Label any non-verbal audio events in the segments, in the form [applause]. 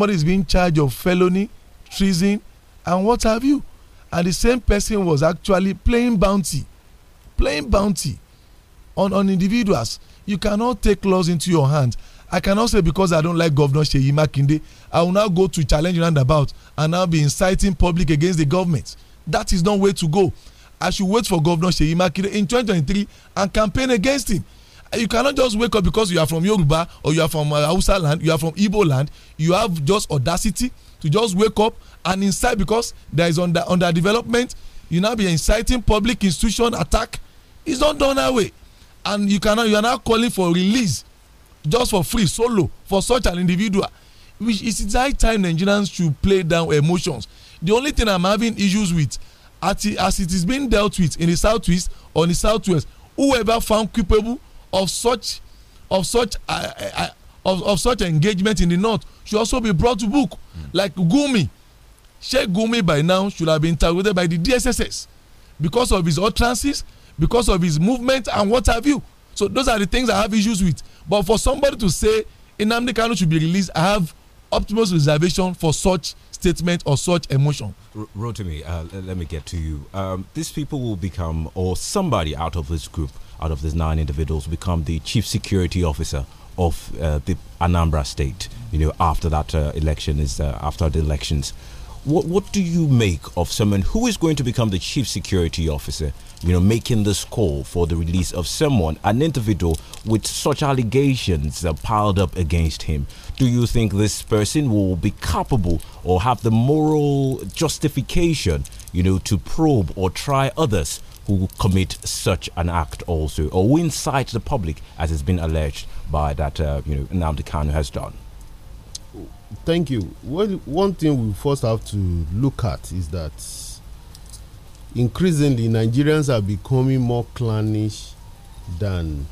somebody is being charged of felony treason and what have you and the same person was actually playing bounty playing bounty on on individuals you cannot take laws into your hands i cannot say because i don't like governor seyi makinde i will now go to challenge roundabout and now be inciting public against the government that is not way to go i should wait for governor seyi makinde in 2023 and campaign against him you cannot just wake up because you are from yoruba or you are from hausa land you are from igbo land you have just audacity to just wake up and incite because there is under under development you now be inciting public institution attack it's not done that way and you cannot you are now calling for release just for free solo for such an individual which is the high time nigerians should play down emotions the only thing i'm having issues with as as it is being dealt with in the southwest or in the southwest whoever found culpable of such of such uh, uh, uh, of, of such engagement in the north should also be brought to book mm. like gumi sheikh gumi by now should have been targeted by the dsss because of his utterances because of his movement and what have you so those are the things i have issues with but for somebody to say Inamdi kanu should be released i have utmost reservation for such statement or such emotion. R Rotimi, uh, let me get to you. Um, these people will become, or somebody out of this group out of these nine individuals become the chief security officer of uh, the Anambra State. You know, after that uh, election is uh, after the elections. What what do you make of someone who is going to become the chief security officer? You know, making this call for the release of someone, an individual with such allegations uh, piled up against him. Do you think this person will be capable or have the moral justification, you know, to probe or try others who commit such an act also, or who incite the public, as has been alleged by that, uh, you know, Nnamdi Kanu has done? Thank you. Well, one thing we first have to look at is that increasingly Nigerians are becoming more clannish than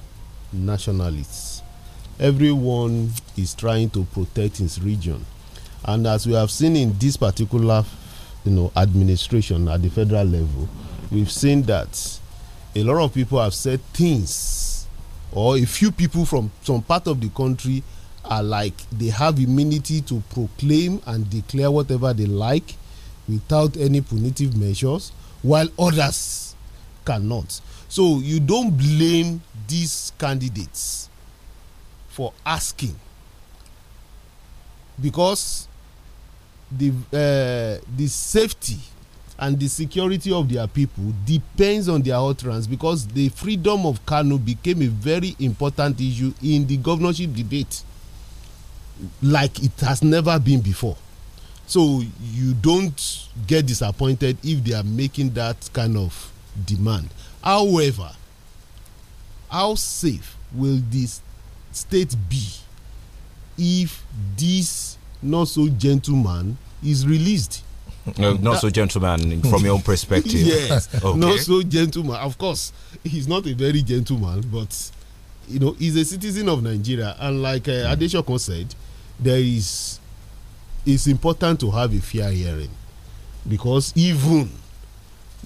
nationalists. Everyone is trying to protect his region. And as we have seen in this particular you know, administration at the federal level, we've seen that a lot of people have said things, or a few people from some part of the country are like they have immunity to proclaim and declare whatever they like without any punitive measures, while others cannot. So you don't blame these candidates for asking because the uh, the safety and the security of their people depends on their utterance because the freedom of Kanu became a very important issue in the governorship debate like it has never been before. So you don't get disappointed if they are making that kind of demand. However, how safe will this state be if this not so gentleman is released? not that, so gentleman from your own perspective. [laughs] yes, [laughs] okay. not so gentleman. Of course, he's not a very gentleman, but you know he's a citizen of Nigeria, and like uh, Adeshokon said, there is it's important to have a fair hearing because even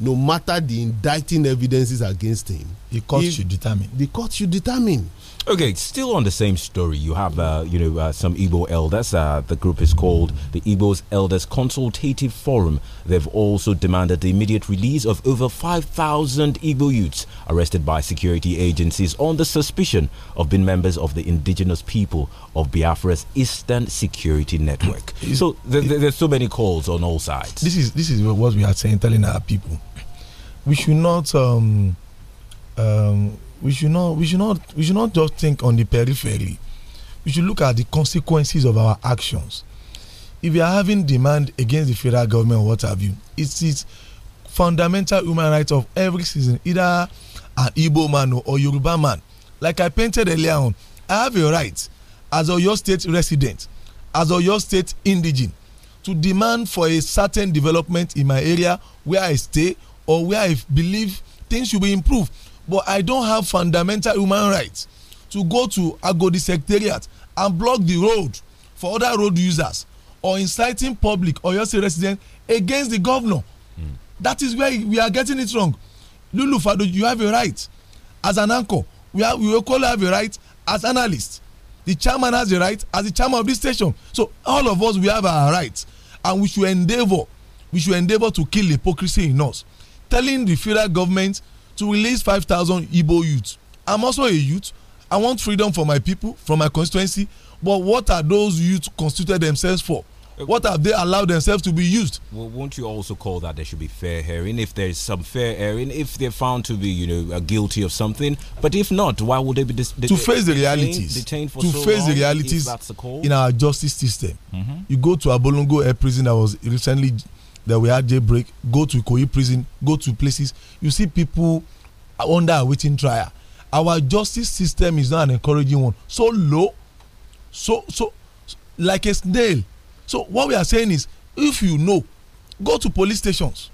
no matter the indicting evidences against him, the court if, should determine. The court should determine Okay, still on the same story. You have, uh, you know, uh, some Igbo elders. Uh, the group is called the Igbo's Elders Consultative Forum. They've also demanded the immediate release of over 5,000 Igbo youths arrested by security agencies on the suspicion of being members of the indigenous people of Biafra's Eastern Security Network. [clears throat] so there's so many calls on all sides. This is this is what we are saying, telling our people. We should not. Um, um, we should not we should not we should not just think on the periphery we should look at the consequences of our actions if you are having demand against the federal government what have you it is fundamental human right of every citizen either an igbo man or yoruba man like i painted earlier on i have a right as oyo state resident as oyo state indigen, to demand for a certain development in my area where i stay or where i believe things should be improved but i don't have fundamental human rights to go to agodi secretariat and block the road for other road users or inciting public or your city residents against the governor mm. that is where we are getting it wrong lulu fado you have a right as an anchor we are. we equally have a right as analyst. the chairman has a right as the chairman of this station so all of us we have our rights and we should endeavour we should endeavour to kill hypocrisy in us telling the federal government to release 5,000 Igbo youths. I'm also a youth. I want freedom for my people, from my constituency. But what are those youths constituted themselves for? What have they allowed themselves to be used? Well, won't you also call that there should be fair hearing if there is some fair hearing, if they're found to be, you know, uh, guilty of something? But if not, why would they be to face the detained, realities? Detained to so face long, the realities in our justice system. Mm -hmm. You go to Abolongo Air Prison that was recently that we had jailbreak go to Koi prison go to places you see people under awaiting trial our justice system is not an encouraging one so low so so like a snail so what we are saying is if you know go to police stations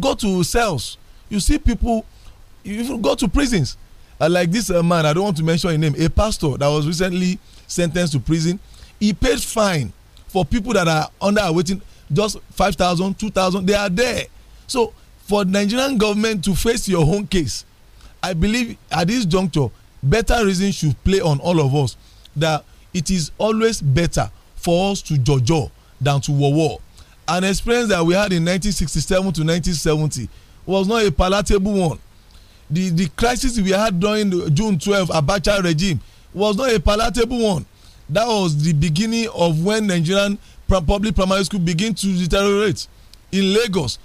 go to cells you see people You go to prisons uh, like this uh, man i don't want to mention his name a pastor that was recently sentenced to prison he paid fine for people that are under awaiting just 5,000, 2,000, they are there. So for Nigerian government to face your own case, I believe at this juncture, better reason should play on all of us that it is always better for us to jojo than to war war. An experience that we had in 1967 to 1970 was not a palatable one. The, the crisis we had during the June 12 Abacha regime was not a palatable one. That was the beginning of when Nigerian public primary school begin to deteriorate in lagos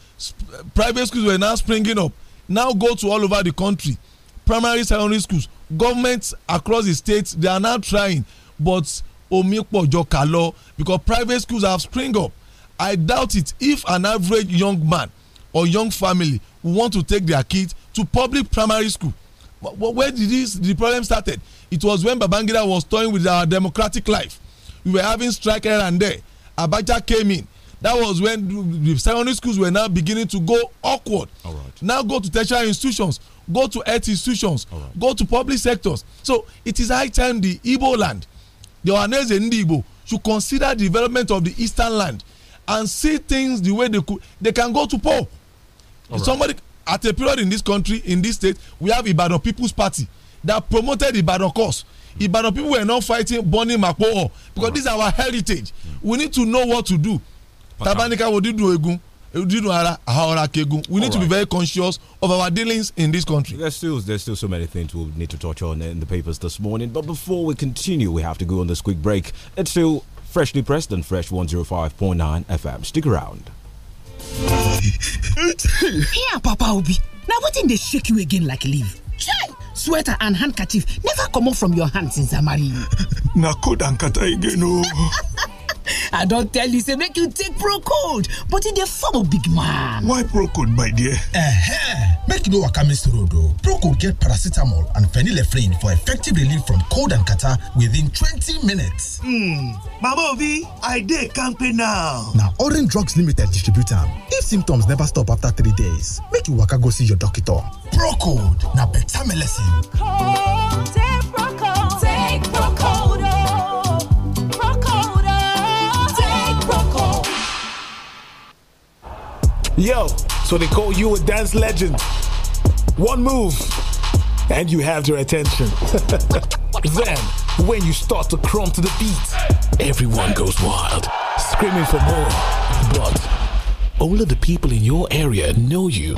private schools were now springing up now go to all over the country primary secondary schools governments across the state they are now trying but omipojoka law because private schools have spring up i doubt it if an average young man or young family want to take their kids to public primary school but, but where did this the problem started it was when babangida was toying with our democratic life we were having strike here and there Abacha came in. That was when the secondary schools were now beginning to go awkward. All right. Now go to tertiary institutions, go to health institutions, right. go to public sectors. So it is high time the Igbo land, the Ohanese and Ibo, should consider development of the eastern land and see things the way they could. They can go to poll. Right. Somebody at a period in this country, in this state, we have Ibadan People's Party that promoted Ibadan cause Ibadan people were not fighting burning Mapo because this is our heritage. We need to know what to do. Tabanika will do egun. We need to be very conscious of our dealings in this country. There's still there's still so many things we'll need to touch on in the papers this morning. But before we continue, we have to go on this quick break. It's still freshly pressed and fresh 105.9 FM. Stick around. Here, [laughs] Papa Obi. Now what did they shake you again like leave? Chai! sweater and handkerchief never come off from your hands since i married you na cold and kata again i don't tell you say make you take Procode, but e dey form of big man why Procode, my dear eh make you know what miss road o pro get paracetamol and phenylephrine for effective relief from cold and catarrh within 20 minutes hmm mama obi i dey campaign now Now orange drugs limited distributor. if symptoms never stop after three days make you waka go see your doctor pro code na beta melecine Yo, so they call you a dance legend. One move, and you have their attention. [laughs] then, when you start to crumb to the beat, everyone goes wild, screaming for more. But all of the people in your area know you.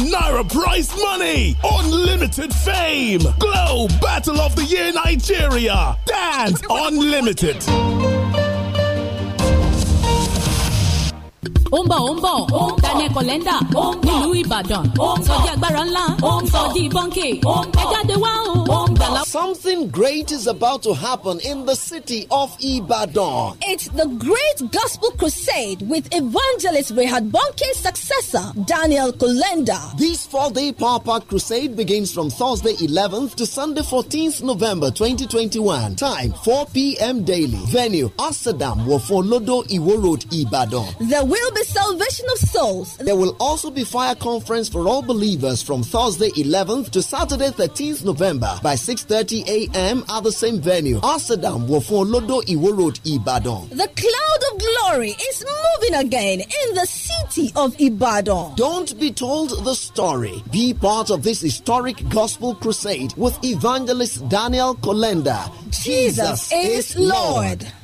Naira prize money, unlimited fame, Glow Battle of the Year Nigeria, Dance Unlimited. Daniel Kolenda nílùú Ìbàdàn sọjí agbára ńlá sọjí bọ́ńkì ẹ jáde wá o. Something great is about to happen in the city of Ibadan. It's the Great Gospel Crusade with evangelist Rehad Bonke's successor, Daniel Kolenda. This four-day Power Crusade begins from Thursday 11th to Sunday 14th November 2021. Time 4 p.m. daily. Venue Amsterdam Wofolodo Iwo Road, Ibadan. There will be the salvation of souls. There will also be fire conference for all believers from Thursday 11th to Saturday 13th November by 6:30 a.m. at the same venue, Asadam Wofun Lodo Iwo Road, Ibadan. The cloud of glory is moving again in the city of Ibadan. Don't be told the story. Be part of this historic gospel crusade with evangelist Daniel Kolenda. Jesus, Jesus is Lord. Lord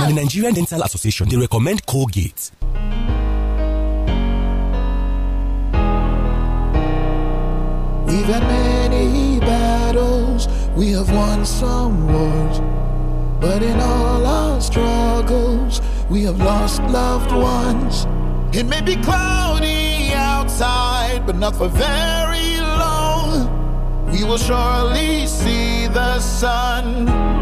Now, the Nigerian Dental Association, they recommend Colgate. We've had many battles, we have won some wars. But in all our struggles, we have lost loved ones. It may be cloudy outside, but not for very long. We will surely see the sun.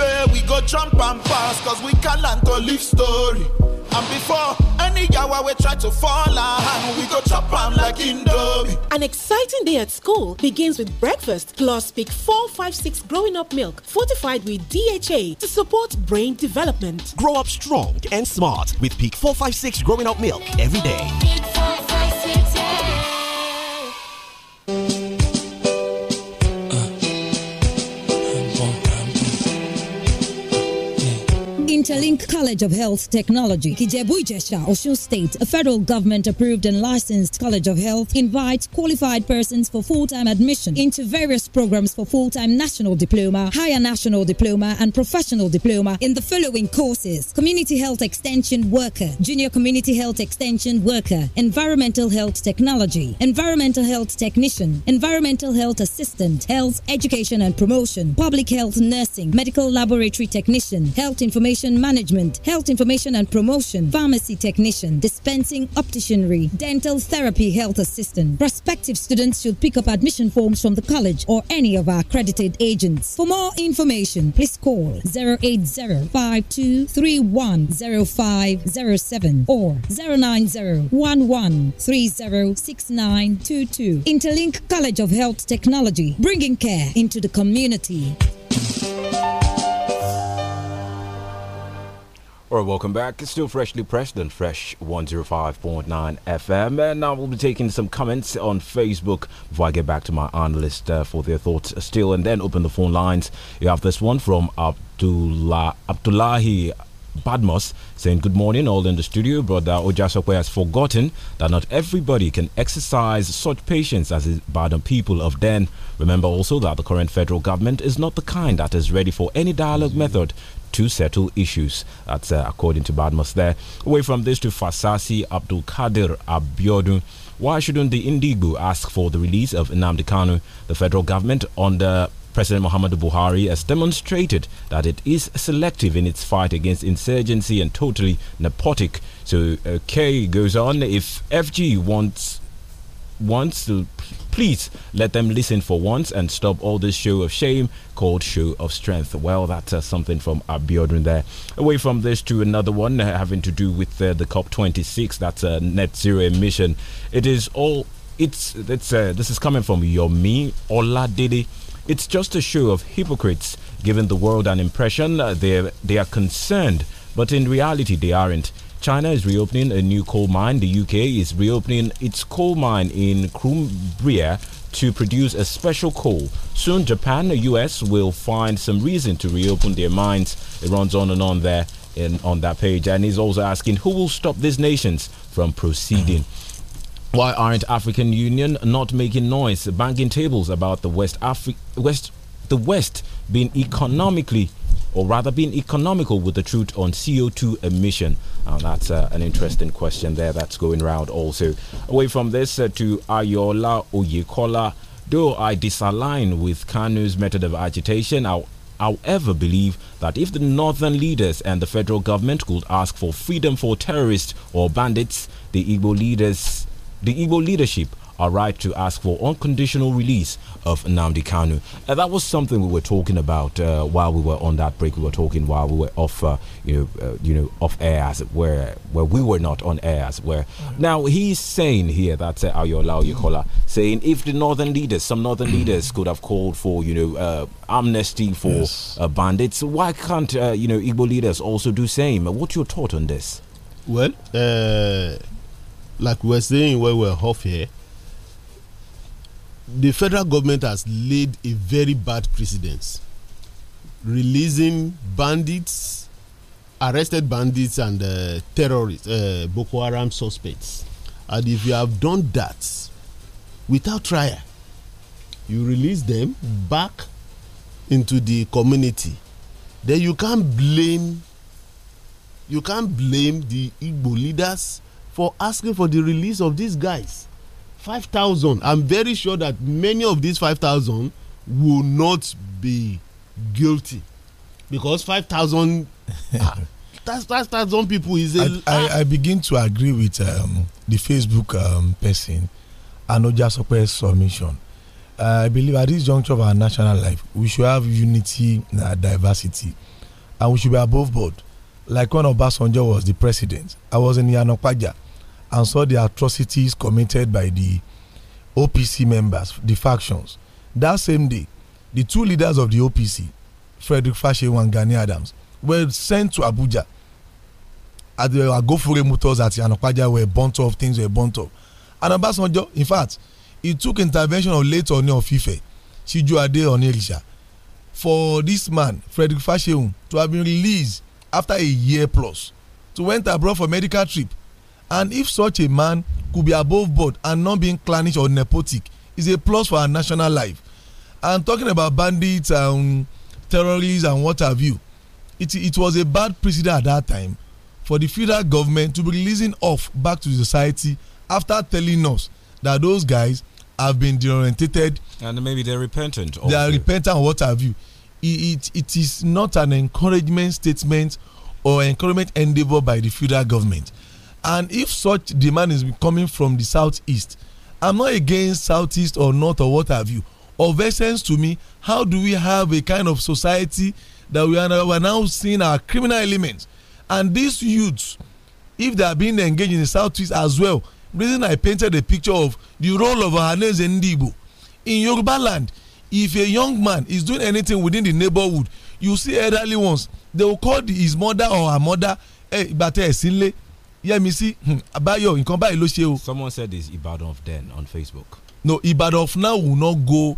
baby, we go jump and pass, cause we can land to live story. And before any yawa we try to fall and we go chop on like indomie. An exciting day at school begins with breakfast plus Peak 456 growing up milk fortified with DHA to support brain development. Grow up strong and smart with Peak 456 growing up milk every day. Interlink College of Health Technology, Kijebu Osun State, a federal government-approved and licensed College of Health, invites qualified persons for full-time admission into various programs for full-time national diploma, higher national diploma, and professional diploma in the following courses. Community Health Extension Worker, Junior Community Health Extension Worker, Environmental Health Technology, Environmental Health Technician, Environmental Health Assistant, Health Education and Promotion, Public Health Nursing, Medical Laboratory Technician, Health Information Management, Health Information and Promotion, Pharmacy Technician, Dispensing Opticianry, Dental Therapy Health Assistant. Prospective students should pick up admission forms from the college or any of our accredited agents. For more information, please call 80 5231 or 90 Interlink College of Health Technology, bringing care into the community. All right, welcome back. It's still freshly pressed on Fresh 105.9 FM. And now we will be taking some comments on Facebook before I get back to my analyst uh, for their thoughts still and then open the phone lines. You have this one from Abdullah, Abdullahi Badmos saying, Good morning, all in the studio. Brother Ojasokwe has forgotten that not everybody can exercise such patience as the Badon people of Den. Remember also that the current federal government is not the kind that is ready for any dialogue method to settle issues. That's uh, according to Badmus there. Away from this to Fasasi Abdul Kadir Abiodun. Why shouldn't the Indigo ask for the release of Nnamdi Kanu? The federal government under President Muhammadu Buhari has demonstrated that it is selective in its fight against insurgency and totally nepotic. So K goes on, if FG wants wants to Please let them listen for once and stop all this show of shame called show of strength. Well, that's uh, something from Abiodun there. Away from this to another one uh, having to do with uh, the COP26, that's a uh, net zero emission. It is all, it's, it's uh, this is coming from Yomi Oladidi. It's just a show of hypocrites, giving the world an impression uh, they, they are concerned, but in reality they aren't. China is reopening a new coal mine. The UK is reopening its coal mine in Cumbria to produce a special coal. Soon, Japan the US will find some reason to reopen their mines. It runs on and on there in, on that page. And he's also asking who will stop these nations from proceeding? Mm-hmm. Why aren't African Union not making noise, banging tables about the West Africa, West, the West being economically or rather being economical with the truth on CO2 emission? Now, that's uh, an interesting question there that's going around also. Away from this uh, to Ayola Oyekola, though I disalign with Kanu's method of agitation, I'll however believe that if the northern leaders and the federal government could ask for freedom for terrorists or bandits, the Igbo leaders the Igbo leadership our right to ask for unconditional release of Namdi Kanu. Uh, that was something we were talking about uh, while we were on that break. We were talking while we were off, uh, you know, uh, you know, off air as it were, where we were not on air as it were. Now he's saying here that uh, Ayola Oyekola saying if the northern leaders, some northern leaders, could have called for you know uh, amnesty for yes. bandits, why can't you know Igbo leaders also do same? What's your thought on this? Well, like we were saying when we were off here the federal government has laid a very bad precedent releasing bandits arrested bandits and uh, terrorists uh, boko haram suspects and if you have done that without trial you release them back into the community then you can't blame you can't blame the igbo leaders for asking for the release of these guys 5,000. I'm very sure that many of these 5,000 will not be guilty because 5,000 [laughs] ah, that's that's some people is a, I, I, I, begin to agree with um, the Facebook um, person Anoja Sope's submission. Uh, I believe at this juncture of our national life, we should have unity and uh, diversity, and we should be above board. Like when Obasanjo was the president, I was in Yanokpaja. and saw the atrocities committed by the OPC members, the factions. That same day, the two leaders of the OPC, Frederick Fashewu and Gani Adams, were sent to Abuja. At the Agofure Motors at Yanokpaja were burnt off, things were burnt off. And Obasanjo, in fact, it took intervention of late Oni of Ife, Sijuade Onirisha, for this man, Frederick Fashewu, to have been released after a year plus, to went abroad for medical trip and if such a man could be above board and not being clannish or nepotic is a plus for our national life and talking about bandits and terrorists and what have you it it was a bad precedent at that time for the federal government to be releasing off back to society after telling us that those guys have been deorientated. and maybe they're repentant. they are repentant what have you it, it it is not an encouragement statement or encouragement endeavour by the federal government and if such demand is coming from the southeast i'm not against southeast or north or what have you of essence to me how do we have a kind of society that we are now seeing our criminal elements and these youths if they are being engaged in the southeast as well the reason i painted a picture of the role of ohaneze ndigbo in yoruba land if a young man is doing anything within the neighborhood you see elderly ones they will call the, his mother or her mother hey eh, Yẹ́misí hmm, Abayo nǹkan báyìí ló ṣe o. someone said it's Ibadan of then on Facebook. no Ibadan of now will not go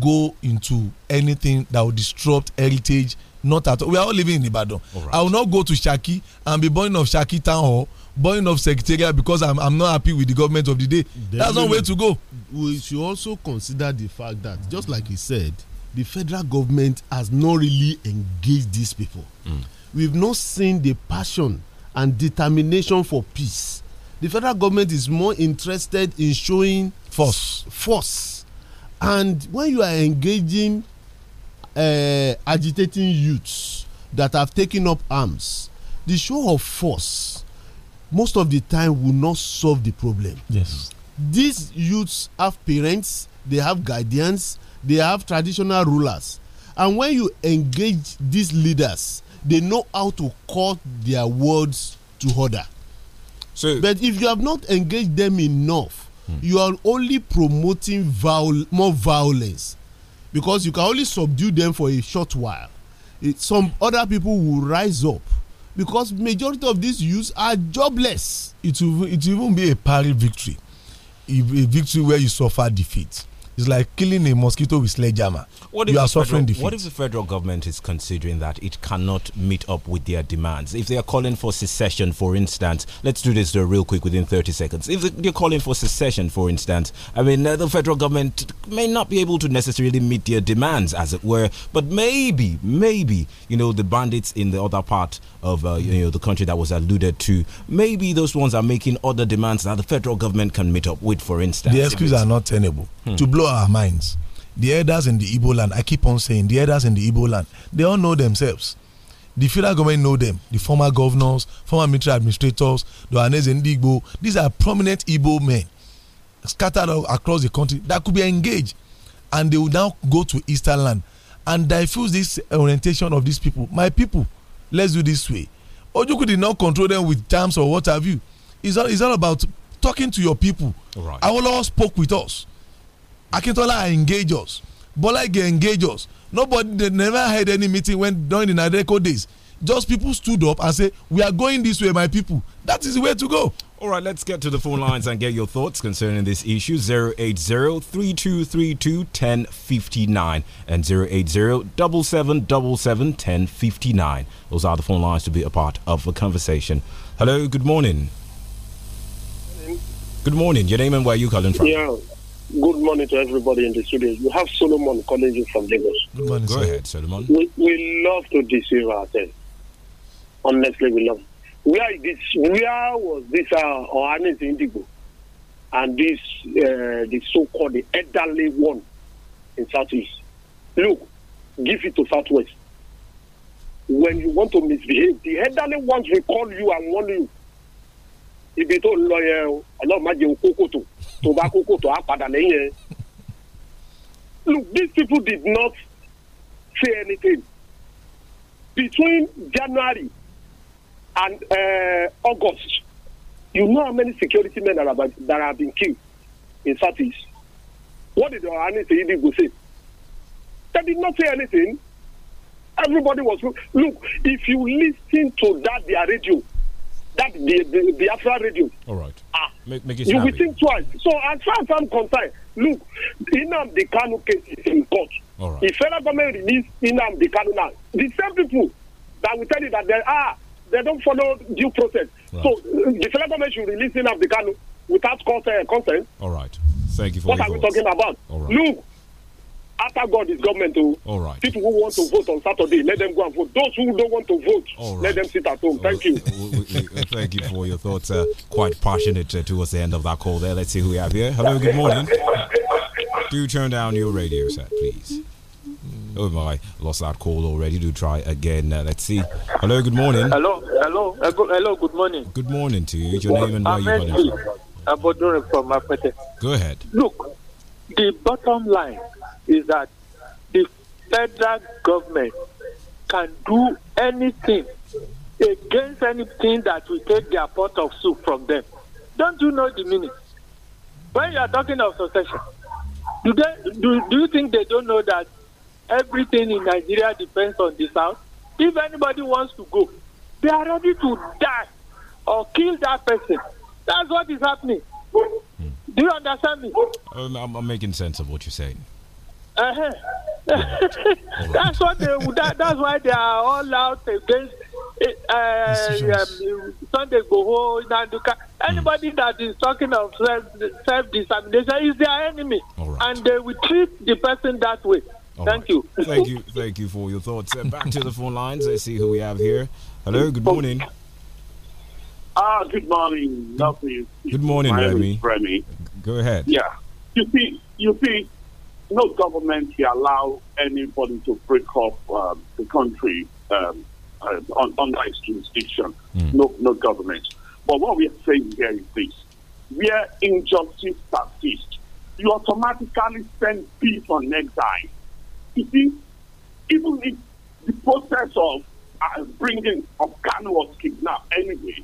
go into anything that will disrupt heritage not at all we are all living in Ibadan. Right. I will not go to Shaki and be born of Shaki town hall born of secretariat because I'm I'm not happy with the government of the day. Then That's one way to go. We should also consider the fact that just like he said the federal government has not really engaged these people. Mm. We've not seen the passion and determination for peace. The federal government is more interested in showing force. Force. And when you are engaging uh, agitating youths that have taken up arms, the show of force most of the time will not solve the problem. Yes. These youths have parents, they have guardians, they have traditional rulers. And when you engage these leaders, they know how to cut their words to order. So, but if you have not engaged them enough, hmm. you are only promoting viol more violence because you can only subdue them for a short while. It, some other people will rise up because majority of these youths are jobless. It will, it will even be a pyrrhic victory, a victory where you suffer defeat. It's like killing a mosquito with sledgehammer. What you are suffering federal, defeat. What if the federal government is considering that it cannot meet up with their demands? If they are calling for secession, for instance, let's do this real quick within 30 seconds. If they're calling for secession, for instance, I mean, uh, the federal government may not be able to necessarily meet their demands, as it were, but maybe, maybe, you know, the bandits in the other part of uh, you know the country that was alluded to, maybe those ones are making other demands that the federal government can meet up with, for instance. The excuses are not tenable. Hmm. To blow our minds. The elders in the Igbo land, I keep on saying, the elders in the Igbo land, they all know themselves. The federal government know them. The former governors, former military administrators, the Anez and these are prominent Igbo men scattered across the country that could be engaged. And they will now go to Eastern land and diffuse this orientation of these people. My people, let's do this way. Ojuku did not control them with terms or what have you. It's all, it's all about talking to your people. Right. Awolowo spoke with us. Akintola engaged us. Bolage engaged us. Nobody, they never had any meeting when during the Nadeco days. Just people stood up and say, "We are going this way, my people." That is the way to go. All right, let's get to the phone lines and get your thoughts concerning this issue. 080-3232-1059 and 080-7777-1059. Those are the phone lines to be a part of the conversation. Hello, good morning. Good morning. Your name and where you calling from? Yeah good morning to everybody in the studio. We have Solomon calling you from Lagos. Good morning. Go sir. ahead, Solomon. We, we love to deceive ourselves. Honestly, we love. Where is this? Where was this? Uh, or Indigo, and this uh, the so-called the elderly one in Southeast. Look, give it to Southwest. When you want to misbehave, the elderly ones will call you and warn you. If you don't yẹn I ọlọ́run not jẹun you tó bá kókó tó á padà lẹ́yìn Look, these people did not say anything. Between January and uh, August, you know how many security men that have, been, that have been killed in Southeast. What did the army say? They did not say anything. Everybody was look. If you listen to that their radio, that the, the, the Afra radio. All right. Ah, make, make it you will think twice. So as far as I'm concerned, look, Inam the Kanu case is in court. All right. If federal government release Inam the Kanu now, the same people that will tell you that they are they don't follow due process. Right. So the federal government should release Inam the Kanu without consent. consent. All right. Thank you for what are we talking about? All right. Look, after God is government. Oh, all right. People who want to vote on Saturday, let them go and vote. Those who don't want to vote, right. let them sit at home. Thank you. Thank you for your thoughts. Uh, quite passionate uh, towards the end of that call there. Let's see who we have here. Hello, good morning. Do turn down your radio set, please. Oh my, lost that call already. Do try again. Uh, let's see. Hello, good morning. Hello, hello, uh, go, hello, good morning. Good morning to you. Your name and where you calling from? I'm from Go ahead. Look, the bottom line is that the federal government can do anything against anything that will take their pot of soup from them. Don't you know the meaning? When you are talking of succession, do, they, do, do you think they don't know that everything in Nigeria depends on the South? If anybody wants to go, they are ready to die or kill that person. That's what is happening. Do you understand me? I'm, I'm making sense of what you're saying. Uh-huh. [laughs] that's what they that, that's why they are all out against uh, um, Sunday Goho Nanduka. Hmm. Anybody mm. that is talking of self self is their enemy, right. and they will treat the person that way. All thank right. you. thank you. Thank you for your thoughts. Uh, back to the phone lines. Let's see who we have here. Hello. Good morning. Ah, good morning. Good, good morning, Remy. Remy. Go ahead. Yeah. You see, you see no government will allow anybody to break up um, the country um, uh, under its jurisdiction. Mm. No, no government. But what we are saying here is this: where injustice persists, you automatically send peace on exile. You see, even if the process of uh, bringing of Kanu was kidnapped anyway,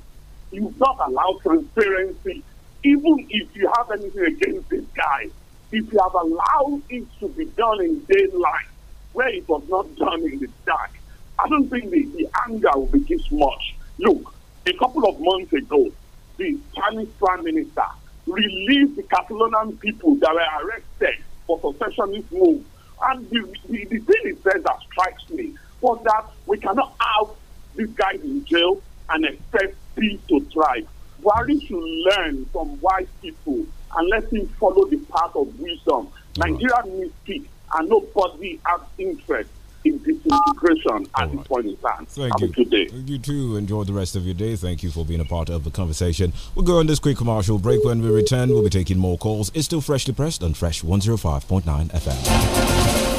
you do not allow transparency. Even if you have anything against this guy, if you have allowed it to be done in daylight, where it was not done in the dark, I don't think the, the anger will be this much. Look, a couple of months ago, the Spanish Prime Minister released the Catalonian people that were arrested for secessionist move. And the, the, the thing he said that strikes me was that we cannot have these guys in jail and expect peace to thrive. Buhari should learn from wise people unless we follow the path of wisdom. Mm. Nigeria needs peace, and nobody has interest in disintegration at right. this point in time. Thank you. Today. You too. Enjoy the rest of your day. Thank you for being a part of the conversation. We'll go on this quick commercial break. When we return, we'll be taking more calls. It's still freshly pressed on Fresh 105.9 FM.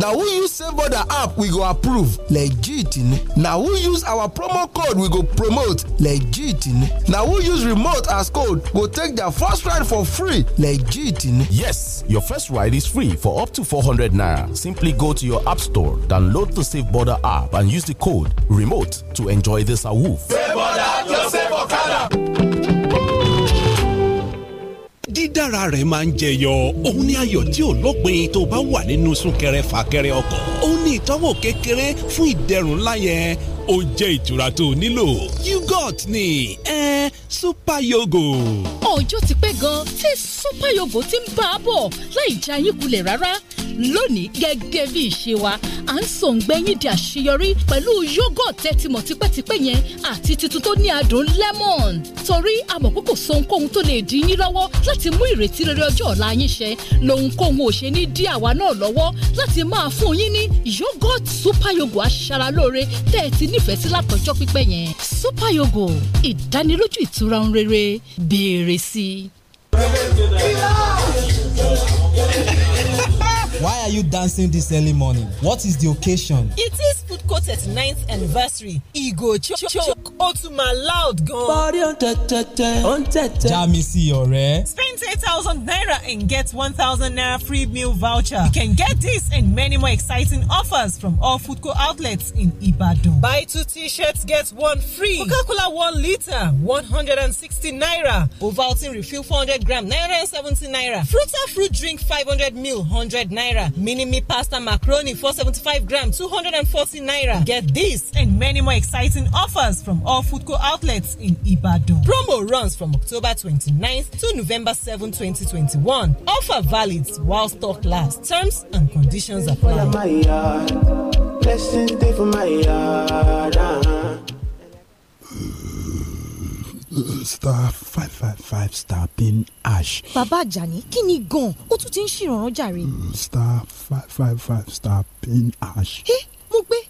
na who use save app we go approve legit ni na who use our promo code we go promote legit ni na who use remote as code go take their first ride for free legit ni. yes your first ride is free for up to 400 naira simply go to your app store download the save app and use the code remote to enjoy this awoof. save border save okada dídára rẹ̀ máa ń jẹyọ òun ní ayọ̀ tí ò lópin tó bá wà nínú súnkẹrẹ fàkẹrẹ ọkọ̀ òun ní ìtọ́wò kékeré fún ìdẹ̀rùn ńlá ó jẹ́ ìtura tó nílò yugot ni ẹ eh, super yogo. ọjọ́ ti pẹ́ gan-an tí super yogo ti ń bá a bọ̀ láì já yín kulẹ̀ rárá lónìí gẹ́gẹ́ bí ìṣe wa à ń sòǹgbẹ́yìn di àṣeyọrí pẹ̀lú yogurt ẹ ti mọ̀ tipẹ́tipẹ́ yẹn àti tuntun tó ní adùn lemon torí àmọ̀pé kò so ohunkóhun tó lè dí yín lọ́wọ́ láti mú ìrètí rere ọjọ́ ọ̀la yín ṣẹ lohunkóhun ò ṣe ní dí àwa náà lọ́wọ́ láti máa fún yín ní yogurt super yogo aṣaralóore tẹ́ ẹ ti nífẹ̀ẹ́ sí látọjọ́ pípẹ́ yẹn super yogo ìdánilójú ìtura ohun rere béèrè sí i. Why are you dancing this early morning? What is the occasion? It is Food Court 39th anniversary. Ego choke choke Otuma oh, loud gun. Party on tete on tete. Jamisi ọ̀rẹ́. Spend 8,000 naira and get 1,000 naira free meal voucher. You can get this and many more exciting offers from all Food Court outlets in Ibadan. Buy two t-shirts, get one free. Coca-Cola 1 liter, 160 naira. Ovaltine refill 400 gram, naira and 70 naira. Fruta fruit drink 500 mil, 100 naira naira. Mini me pasta macaroni 475 gram 240 naira. Get this and many more exciting offers from all food co outlets in Ibadan. Promo runs from October 29th to November 7, 2021. Offer valid while stock lasts. Terms and conditions apply. star five five five star pin hash. bàbá àjàní kí ni gan-an ó tún ti ń ṣèrànràn jàre. Mm, star five five five star pin hash. ẹ eh, mo gbé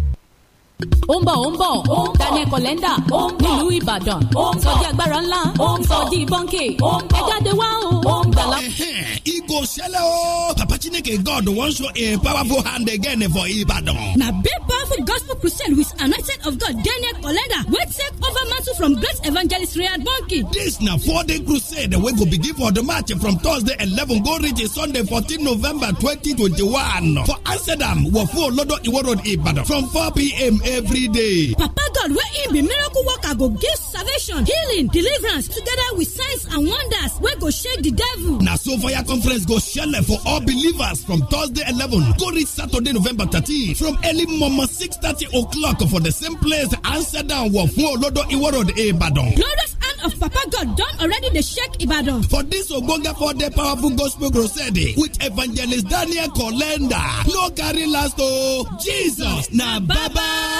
ó ń bọ̀ ó ń bọ̀ daniel kọlẹ́ndà nílùú ìbàdàn sọjí agbára ńlá sọjí bọ́ńkì ẹ jáde wá o gbàlá. Igo ṣẹlẹ̀ o. Papa Chineke God wan show a powerful hand again for Ibadan. Na big powerful gospel crusade with anointing of God Daniel Koleda wey take over mantle from great evangelist Riyad Bonki. Dis na four day crusade wey go begin for the march from Thursday eleven go reach Sunday fourteen November twenty twenty one for Amsterdam, Wofo Olodo Iwo Road, Ibadan from four pm every day. Papa God wey im be miracle worker go give salvation, healing, deliverance together with signs and wonders wey go shake the devil. Na so fire conference go shele for all believers from Thursday eleven go reach Saturday November thirteen from early momo six thirty o'clock for the same place answer down wọ fún Olodo Iwo Road Ibadan. Glorious hand of Papa God don already dey shake Ibadan. For this ogbonge four-day powerful gospel crusade with evangelist Daniel Kolenda no carry last o oh, Jesus na baba.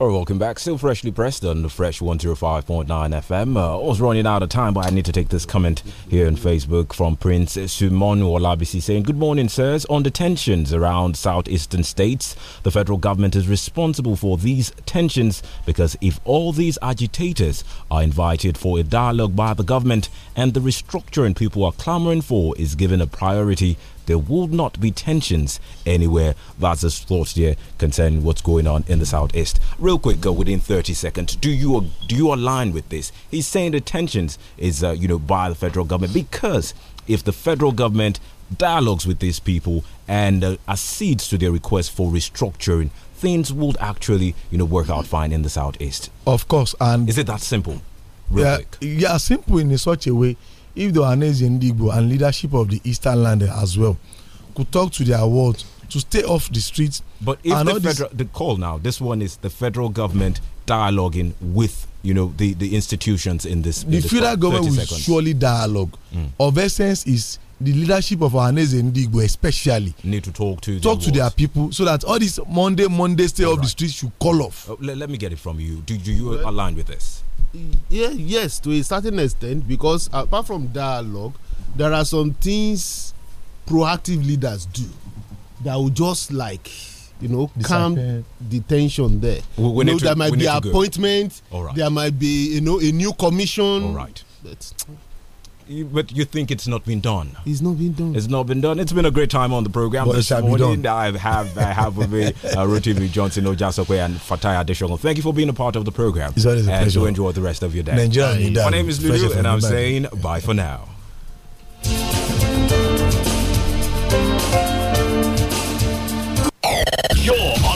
All right, welcome back. Still freshly pressed on the Fresh 105.9 FM. Uh, I was running out of time, but I need to take this comment here on Facebook from Prince Sumon Walabisi saying, Good morning, sirs. On the tensions around southeastern states, the federal government is responsible for these tensions because if all these agitators are invited for a dialogue by the government and the restructuring people are clamoring for is given a priority, there will not be tensions anywhere. That's his thoughts there concerning what's going on in the southeast. Real quick, go within 30 seconds. Do you do you align with this? He's saying the tensions is uh, you know by the federal government because if the federal government dialogues with these people and uh, accedes to their request for restructuring things would actually you know work out fine in the southeast of course and is it that simple Real yeah quick. yeah simple in such a way if the Ohaneze Ndigbo and leadership of the Eastern Land as well could talk to their world to stay off the streets. But if the, federal, the call now, this one is the federal government dialoguing with you know the, the institutions in this. In the this federal government will seconds. surely dialogue. Mm. Of essence is the leadership of Ohaneze Ndigbo especially need to talk to talk to their people so that all this Monday Monday stay off right. the streets should call off. Oh, let, let, me get it from you. Do, do you align with this? yeah, yes, to a certain extent, because apart from dialogue, there are some things proactive leaders do that will just like you know calm the tension there. you know, to, there might be appointment. There might be you know a new commission. All right but you think it's not been done. It's not been done. It's not been done. It's been a great time on the program but this morning. I have I have with me [laughs] uh, Rotimi Johnson, Ojasokwe, and Fatai Adeshogo. Thank you for being a part of the program. It's always a pleasure. And to enjoy the rest of your day. Nigeria, My name is Lulu, and I'm saying bye for now.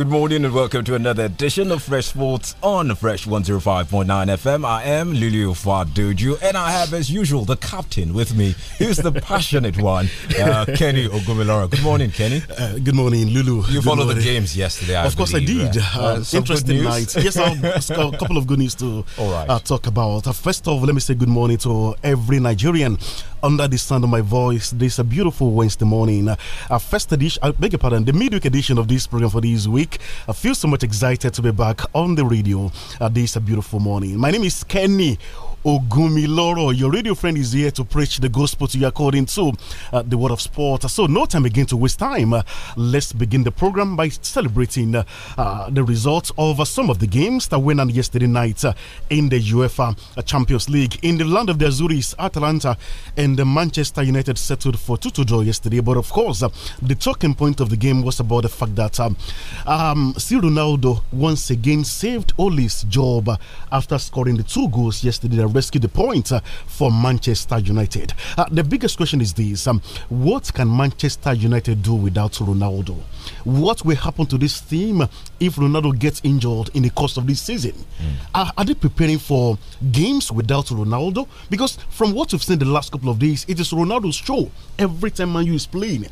Good morning and welcome to another edition of Fresh Sports on Fresh 105.9 FM. I am Lulu Faduju and I have, as usual, the captain with me, who's the [laughs] passionate one, uh, Kenny Ogumilora. Good morning, Kenny. Uh, good morning, Lulu. You followed the games yesterday, I Of course believe. I did. Uh, uh, interesting night. Yes, [laughs] a couple of good news to uh, talk about. Uh, first of all, let me say good morning to every Nigerian under the sound of my voice. This is a beautiful Wednesday morning. Uh, our first edition, I beg your pardon, the midweek edition of this program for this week. I feel so much excited to be back on the radio. Uh, this is a beautiful morning. My name is Kenny Ogumiloro. Your radio friend is here to preach the gospel to you according to uh, the word of sport. So, no time again to waste time. Uh, let's begin the program by celebrating uh, uh the results of uh, some of the games that went on yesterday night uh, in the UEFA Champions League. In the land of the Azuris, Atalanta and Manchester United settled for 2 to draw yesterday. But of course, the talking point of the game was about the fact that um, um, Ronaldo once again saved Ole's job after scoring the two goals yesterday rescue the point uh, for Manchester United. Uh, the biggest question is this um, What can Manchester United do without Ronaldo? What will happen to this team if Ronaldo gets injured in the course of this season? Mm. Are, are, they preparing for games without Ronaldo? Because from what we've seen the last couple of days, it is Ronaldo's show every time Man U is playing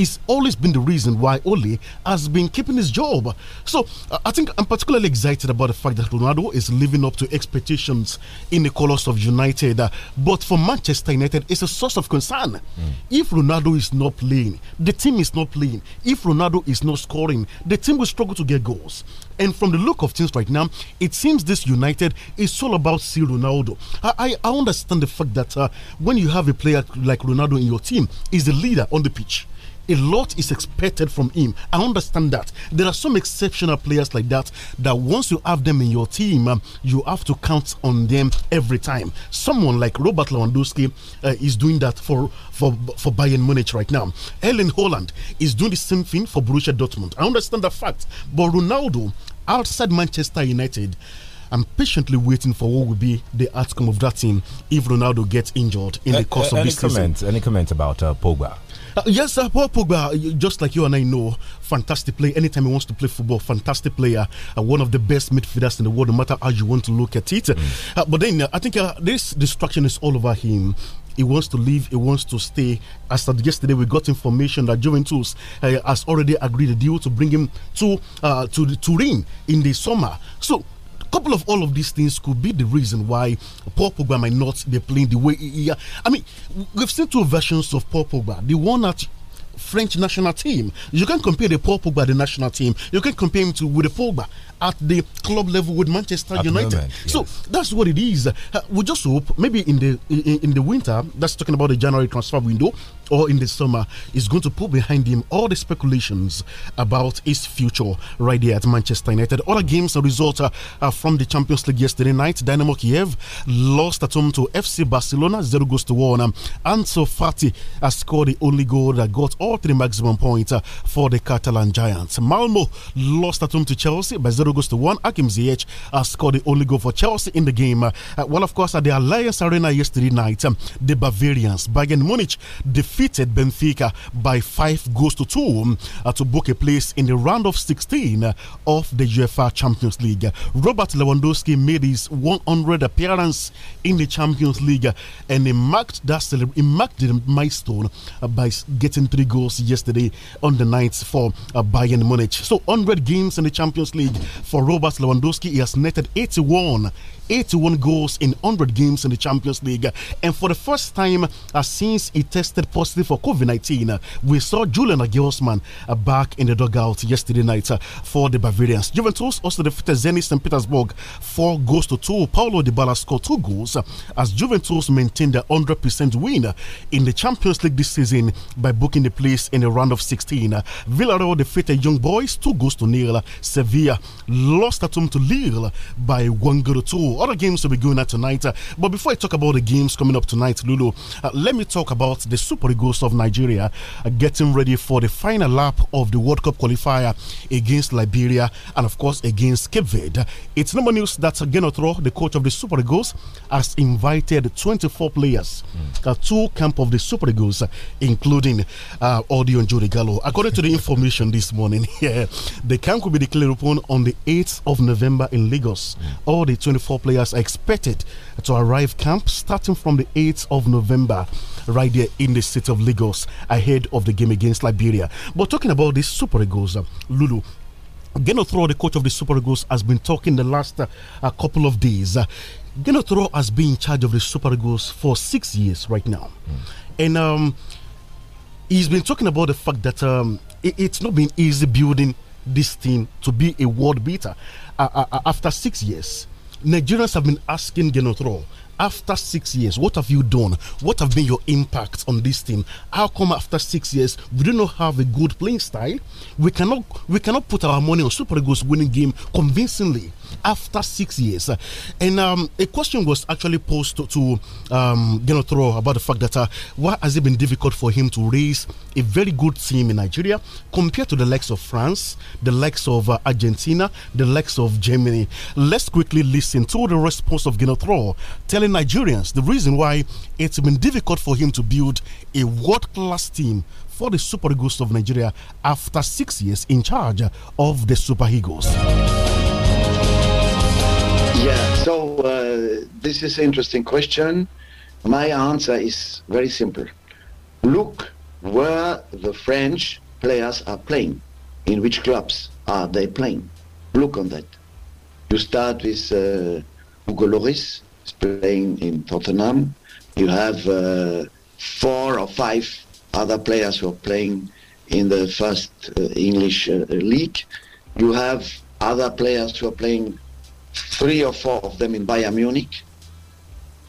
is always been the reason why Ole has been keeping his job. So uh, I think I'm particularly excited about the fact that Ronaldo is living up to expectations in the colours of United. Uh, but for Manchester United, it's a source of concern. Mm. If Ronaldo is not playing, the team is not playing. If Ronaldo is not scoring, the team will struggle to get goals. And from the look of things right now, it seems this United is all about C. Ronaldo. I, I, understand the fact that uh, when you have a player like Ronaldo in your team, he's the leader on the pitch a lot is expected from him. I understand that. There are some exceptional players like that that once you have them in your team, um, you have to count on them every time. Someone like Robert Lewandowski uh, is doing that for for for Bayern Munich right now. Ellen Holland is doing the same thing for Borussia Dortmund. I understand the fact, but Ronaldo outside Manchester United. I'm patiently waiting for what will be the outcome of that team if Ronaldo gets injured in uh, the course uh, of this comment, season. Any comment about uh, Pogba? Uh, yes, uh, Paul Pogba, uh, just like you and I know, fantastic player. Anytime he wants to play football, fantastic player. Uh, one of the best midfielders in the world, no matter how you want to look at it. Mm. Uh, but then uh, I think uh, this distraction is all over him he wants to leave, he wants to stay. As of yesterday, we got information that Juventus uh, has already agreed a deal to bring him to uh, to Turin in the summer. So couple of all of these things could be the reason why Paul Pogba might not be playing the way he. I mean, we've seen two versions of Paul Pogba. The one at French national team. You can compare the Paul Pogba the national team. You can compare him to with the Pogba at the club level with Manchester at United. Moment, yes. So that's what it is. Uh, we just hope maybe in the in, in the winter. That's talking about the January transfer window or in the summer is going to put behind him all the speculations about his future right there at Manchester United. Other games, a result uh, uh, from the Champions League yesterday night Dynamo Kiev lost at home to FC Barcelona, 0 goes to 1. Um, Anso Fati has scored the only goal that got all three maximum points uh, for the Catalan Giants. Malmo lost at home to Chelsea by 0 goes to 1. Akim Ziyech has scored the only goal for Chelsea in the game. Uh, well, of course, at the Alliance Arena yesterday night, um, the Bavarians, Bayern Munich, defeated defeated Benfica by five goals to two uh, to book a place in the round of 16 of the UEFA Champions League. Robert Lewandowski made his 100 appearance in the Champions League uh, and he marked that he marked the milestone uh, by getting three goals yesterday on the night for uh, Bayern Munich. So 100 games in the Champions League for Robert Lewandowski. He has netted 81 81 goals in 100 games in the Champions League. And for the first time uh, since he tested positive for COVID 19, uh, we saw Julian Nagelsmann uh, back in the dugout yesterday night uh, for the Bavarians. Juventus also defeated Zenit St. Petersburg 4 goals to 2. Paulo Dybala scored 2 goals uh, as Juventus maintained their 100% win uh, in the Champions League this season by booking the place in the round of 16. Villarreal defeated Young Boys 2 goals to nil. Sevilla lost at home to Lille by 1 goal to 2 other games will be going on tonight. Uh, but before I talk about the games coming up tonight, Lulu, uh, let me talk about the Super Eagles of Nigeria uh, getting ready for the final lap of the World Cup qualifier against Liberia and, of course, against Cape Verde. It's number news that Genotro, the coach of the Super Eagles, has invited 24 players mm. to camp of the Super Eagles, including uh, Audio and Jody Gallo. According to the [laughs] information this morning, [laughs] yeah, the camp will be declared upon on the 8th of November in Lagos. Mm. All the 24 players players are expected to arrive camp starting from the 8th of November right there in the city of Lagos ahead of the game against Liberia. But talking about this Super Eagles, uh, Lulu, Geno the coach of the Super Eagles, has been talking the last uh, couple of days. Uh, Geno has been in charge of the Super Eagles for six years right now. Mm. And um, he's been talking about the fact that um, it, it's not been easy building this team to be a world beater uh, uh, uh after six years. Nigerians have been asking Genotro after six years, what have you done? What have been your impacts on this team? How come after six years we do not have a good playing style? We cannot we cannot put our money on Super Eagles winning game convincingly after six years. And um, a question was actually posed to, to um, Genotro about the fact that uh, why has it been difficult for him to raise a very good team in Nigeria compared to the likes of France, the likes of uh, Argentina, the likes of Germany? Let's quickly listen to the response of Genotro telling Nigerians the reason why it's been difficult for him to build a world class team for the Super Eagles of Nigeria after six years in charge of the Super Eagles. Yeah, so uh, this is an interesting question. My answer is very simple. Look where the French players are playing. In which clubs are they playing? Look on that. You start with uh, Hugo Loris playing in Tottenham. You have uh, four or five other players who are playing in the first uh, English uh, league. You have other players who are playing three or four of them in Bayern Munich.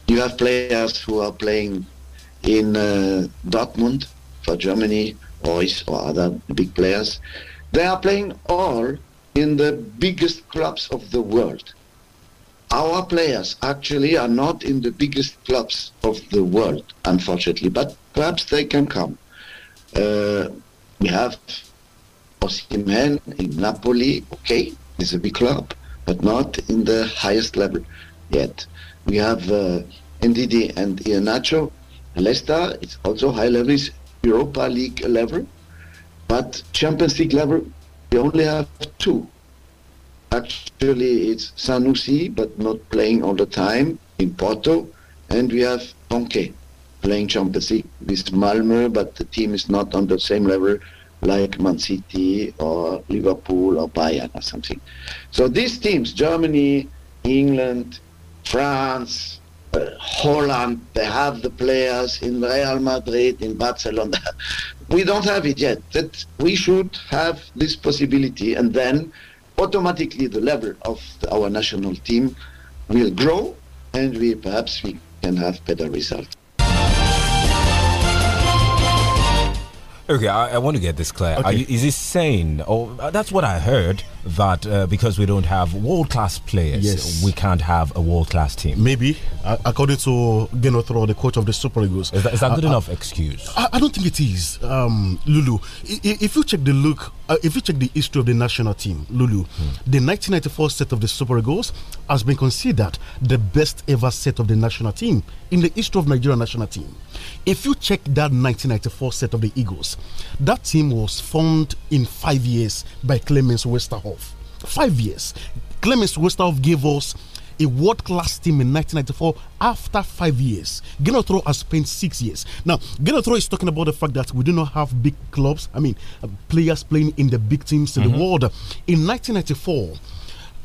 You have players who are playing in uh, Dortmund for Germany or, or other big players. They are playing all in the biggest clubs of the world. Our players actually are not in the biggest clubs of the world, unfortunately, but perhaps they can come. Uh, we have Osimhen in Napoli, okay, it's a big club but not in the highest level yet. We have uh, NDD and Iheanacho. Leicester is also high level, is Europa League level, but Champions League level, we only have two. Actually, it's Sanusi, but not playing all the time in Porto, and we have Ponke playing Champions League with Malmö, but the team is not on the same level like Man City or Liverpool or Bayern or something. So these teams, Germany, England, France, uh, Holland, they have the players in Real Madrid, in Barcelona. [laughs] we don't have it yet. That we should have this possibility, and then automatically the level of the, our national team will grow, and we perhaps we can have better results. Okay, I, I, want to get this clear. Okay. You, is he saying, or oh, uh, that's what I heard, that uh, because we don't have world class players, yes. we can't have a world class team? Maybe, uh, according to Geno Throw, the coach of the Super Eagles. Is that, is that uh, good uh, enough excuse? I, I, don't think it is, um, Lulu. If you check the look, if you check the history of the national team, Lulu, hmm. the 1994 set of the Super Eagles has been considered the best ever set of the national team in the history of Nigeria national team. If you check that 1994 set of the Eagles, that team was formed in five years by Clemens Westerhoff. Five years. Clemens Westerhoff gave us a world class team in 1994 after five years. Genotro has spent six years. Now, Genotro is talking about the fact that we do not have big clubs, I mean, uh, players playing in the big teams in mm -hmm. the mm-hmm. world. In 1994,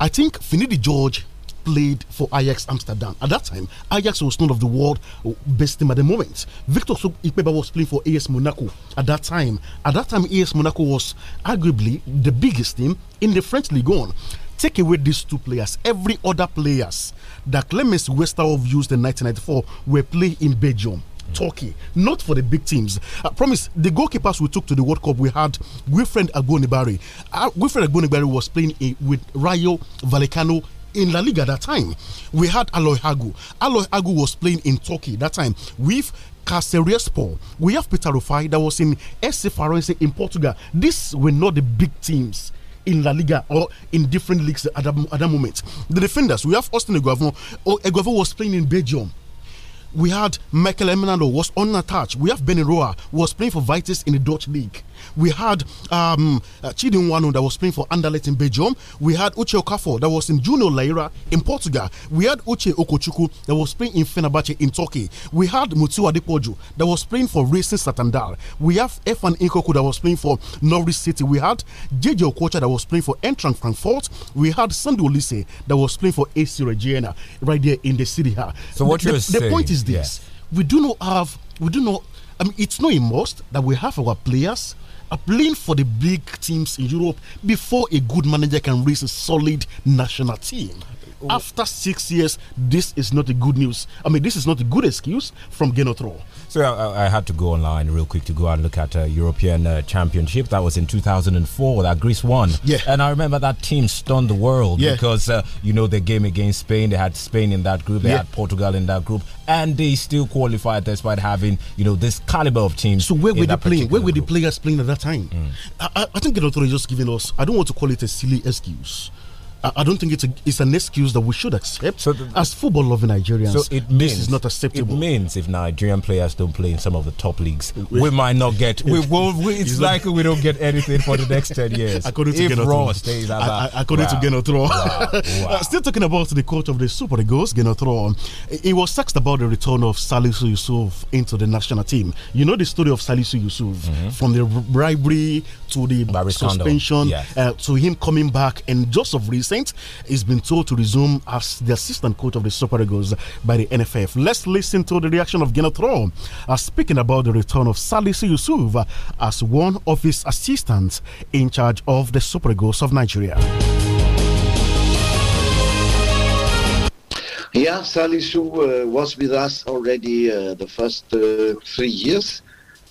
I think Finidi George played for Ajax Amsterdam. At that time, Ajax was not of the world oh, best team at the moment. Victor Ikpeba was playing for AS Monaco at that time. At that time, AS Monaco was arguably the biggest team in the French League On Take away these two players, every other players that Clemens Westerhoff used in 1994 were playing in Belgium. Turkey, not for the big teams. I promise the goalkeepers we took to the World Cup, we had Wilfred Agbonibari. Uh, Wilfred Agbonibari was playing a, eh, with Rayo Vallecano in La Liga that time, we had Aloy Hagu. Aloy Hagu was playing in Turkey that time with Caseriespor. We have Peter Rufai that was in SC Farense in Portugal. These were not the big teams in La Liga or in different leagues at that, at that moment. The defenders, we have Austin Eguavon. Oh, Eguavon was playing in Belgium. We had Michael Eminando was unattached. We have Benny Roa was playing for Vitus in the Dutch league. We had um, uh, Wanu that was playing for Anderlecht in Belgium. We had Uche Okafor that was in Juno Laira in Portugal. We had Uche Okochuku that was playing in Fenerbahce in Turkey. We had Mutiu Adepoju that was playing for Racing Santander. We have Efan Inkoku that was playing for Norwich City. We had JJ Okocha that was playing for Eintracht Frankfurt. We had Sandu Olise that was playing for AC Regina right there in the city. So what the, you're the, saying, the point is this: yeah. we do not have, we do not. I mean, it's not a must that we have our players are playing for the big teams in Europe before a good manager can raise a solid national team. Oh. after six years, this is not a good news. I mean, this is not a good excuse from Genotro. So I, I, had to go online real quick to go and look at a uh, European uh, Championship. That was in 2004 that Greece won. Yeah. And I remember that team stunned the world yeah. because, uh, you know, the game against Spain, they had Spain in that group, they yeah. had Portugal in that group, and they still qualified despite having, you know, this caliber of teams. So where were they playing? Where were the players playing at that time? Mm. I, I, think Genotro is just giving us, I don't want to call it a silly excuse I don't think it's a, it's an excuse that we should accept so the, as football loving Nigerians. So it means, this is not acceptable. It means if Nigerian players don't play in some of the top leagues, we, we might not get. We [laughs] will. We, it's likely we don't get anything for the next ten [laughs] years. According to if Raw stays as I, I, according wow, to Genotro. Wow, [laughs] uh, wow. Still talking about the coach of the Super Eagles, Genotro. Um, he was asked about the return of Salisu Yusuf into the national team. You know the story of Salisu Yusuf mm -hmm. from the bribery to the Barry suspension uh, to him coming back and just of recent Saints is being told to resume as the assistant coach of the Super Eagles by the NFF. Let's listen to the reaction of Gennaro Throw uh, speaking about the return of Salisu Yusuf uh, as one of his assistants in charge of the Super Eagles of Nigeria. Yeah, Salisu uh, was with us already uh, the first uh, three years.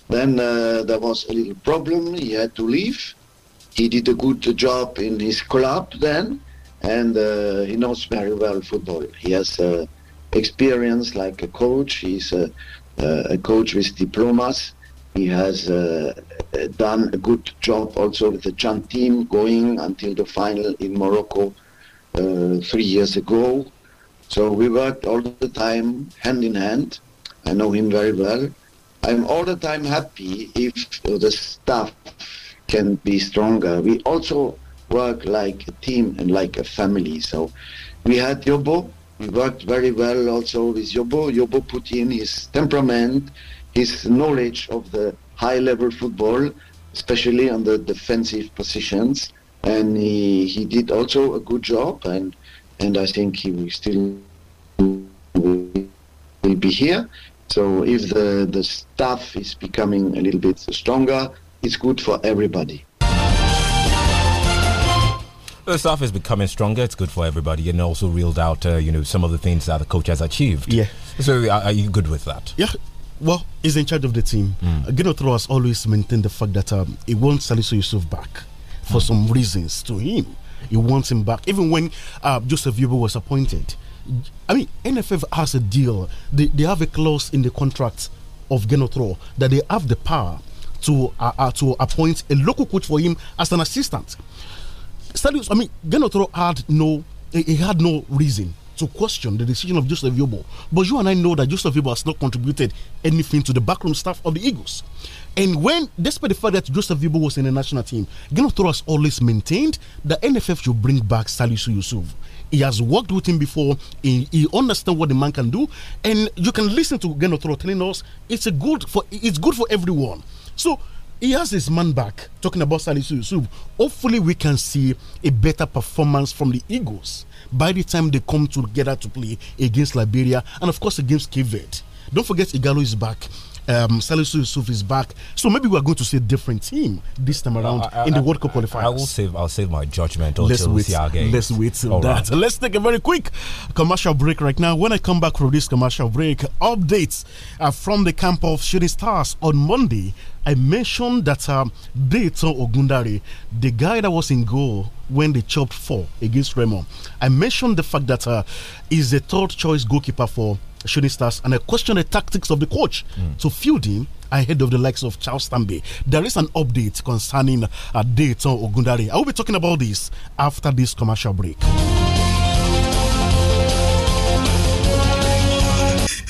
Then uh, there was a little problem. He had to leave. He did a good job in his club then and uh, he knows very well football. He has uh, experience like a coach. He's a, uh, uh, a coach with diplomas. He has uh, done a good job also with the Chan team going until the final in Morocco three years ago. So we worked all the time hand in hand. I know him very well. I'm all the time happy if the staff can be stronger. We also work like a team and like a family. So we had Yobo. We mm. worked very well also with Yobo. Yobo put in his temperament, his knowledge of the high level football, especially on the defensive positions. And he, he did also a good job. And, and I think he will still will be here. So if the, the staff is becoming a little bit stronger, it's good for everybody. The staff is becoming stronger. It's good for everybody, and also reeled out, uh, you know, some of the things that the coach has achieved. Yeah. So are, uh, are you good with that? Yeah. Well, he's in charge of the team. Mm. Uh, Genotro has always maintained the fact that um, he wants Salisu Yusuf back for mm. some reasons to him. He wants him back. Even when uh, Joseph Yubo was appointed, I mean, NFF has a deal. They, they have a clause in the contract of Genotro that they have the power to uh, uh, to appoint a local coach for him as an assistant. Stadius, I mean, Genotro had no, he had no reason to question the decision of Joseph Yobo. But you and I know that Joseph Yobo has not contributed anything to the backroom staff of the Eagles. And when, despite the fact that Joseph Yobo was in the national team, Genotro has always maintained that NFF should bring back Salisu Yusuf. He has worked with him before. He, he understands what the man can do, and you can listen to Genotro telling us it's a good for it's good for everyone. So he has his man back. Talking about Salisu Yusuf, hopefully we can see a better performance from the Eagles by the time they come together to play against Liberia and of course against Kivet. Don't forget Igalo is back. Um, Salisu Yusuf is back. So maybe we are going to see a different team this time around I, I, in the World Cup qualifiers. I will save. I'll save my judgment until let's wait, we see our game. Let's wait till All that. Right. Let's take a very quick commercial break right now. When I come back from this commercial break, updates uh, from the camp of Shooting Stars on Monday. I mentioned that um, uh, Deito Ogundari, the guy that was in goal when they chopped four against Remo, I mentioned the fact that uh, he's the third choice goalkeeper for Shooting Stars, and I question the tactics of the coach mm. to field him ahead of the likes of Charles Tambe. There is an update concerning uh, Dayton Ogundari. I will be talking about this after this commercial break. [laughs]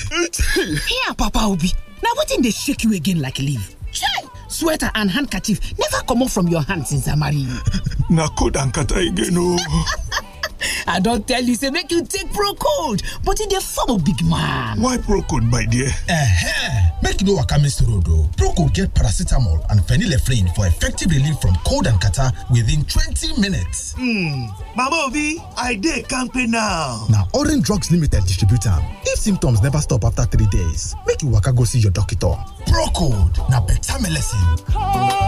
Here, Papa Obi. Now, what in they shake you again like leaf? Chai! Sweater and handkerchief never come off from your hands since I married you. [laughs] Na code and kata again, oh. [laughs] [laughs] i don't tell you say make you take Procode, but e the form of big man why Procode, my dear eh make you know waka miss road o procold get paracetamol and phenylephrine for effective relief from cold and catar within 20 minutes hmm mama Ovi, i dey campaign now Now orange drugs limited distributor. if symptoms never stop after three days make you waka go see your doctor Procode. Now better beta melecine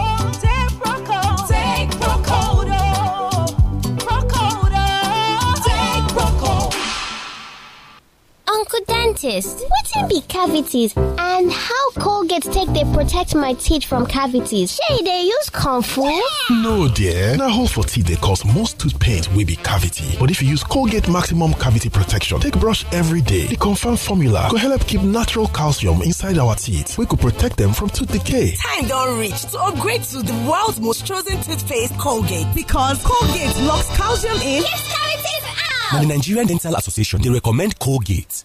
dentist. can be cavities and how Colgate take they protect my teeth from cavities? Shey they dey use comfort? No dear, Now, hole for teeth dey cause most tooth pain will be cavity. But if you use Colgate maximum cavity protection take brush every day, the confirmed formula go help keep natural calcium inside our teeth We could protect them from tooth decay. Time don't reach to upgrade to the world's most chosen toothpaste Colgate because Colgate locks calcium in. Yes, cavities out! Now the Nigerian Dental Association they recommend Colgate.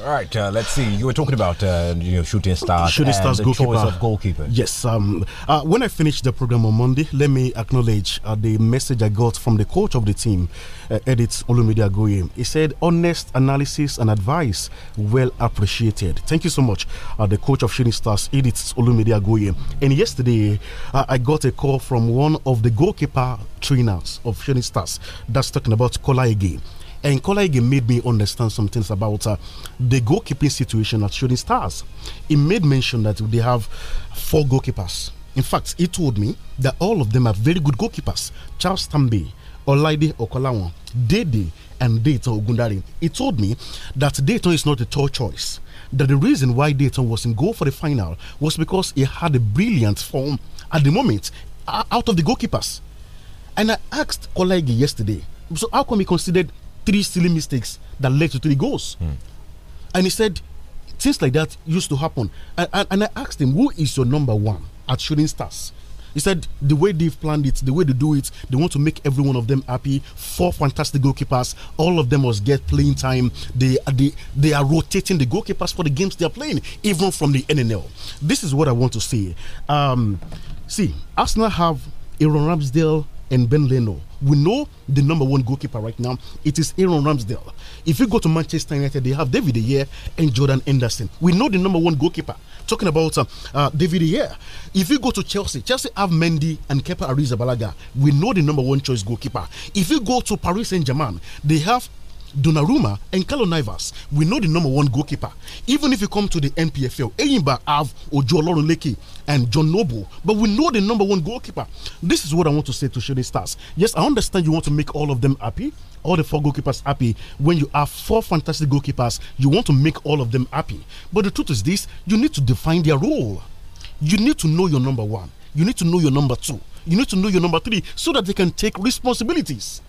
All right, uh, let's see. You were talking about uh, you know shooting stars, shooting stars, goalkeeper. goalkeeper. Yes. Um. Uh, when I finished the program on Monday, let me acknowledge uh, the message I got from the coach of the team, uh, Edith Olumide Agoye. He said, "Honest analysis and advice, well appreciated." Thank you so much, uh, the coach of shooting stars, Edith Olumide Agoye. And yesterday, I got a call from one of the goalkeeper trainers of shooting stars. That's talking about Kola Ege. And Kolaige made me understand some things about uh, the goalkeeping situation at Shooting Stars. He made mention that they have four goalkeepers. In fact, he told me that all of them are very good goalkeepers. Charles Tambi, Olaide Okolawon, Dede, and Dayton Ogundari. He told me that Dayton is not a tall choice. That the reason why Dayton was in goal for the final was because he had a brilliant form at the moment out of the goalkeepers. And I asked Kolaige yesterday, so how come he considered three silly mistakes that led to three goals. Mm. And he said, things like that used to happen. And, and, and, I asked him, who is your number one at Shooting Stars? He said, the way they've planned it, the way they do it, they want to make every one of them happy. Four fantastic goalkeepers, all of them must get playing time. They, they, they are rotating the goalkeepers for the games they are playing, even from the NNL. This is what I want to say. Um, see, Arsenal have Aaron Ramsdale and Ben Leno. We know the number one goalkeeper right now. It is Aaron Ramsdale. If you go to Manchester United, they have David Ayer and Jordan Anderson. We know the number one goalkeeper. Talking about uh, uh, David Ayer. If you go to Chelsea, Chelsea have Mendy and Kepa Arrizabalaga. We know the number one choice goalkeeper. If you go to Paris Saint Germain, they have Donnarumma and Carlo Nivas, we know the number one goalkeeper. Even if you come to the NPFL, Eyimba have Ojo Olorunleke and John Noble, but we know the number one goalkeeper. This is what I want to say to Shooting Stars. Yes, I understand you want to make all of them happy, all the four goalkeepers happy. When you have four fantastic goalkeepers, you want to make all of them happy. But the truth is this, you need to define their role. You need to know your number one. You need to know your number two. You need to know your number three so that they can take responsibilities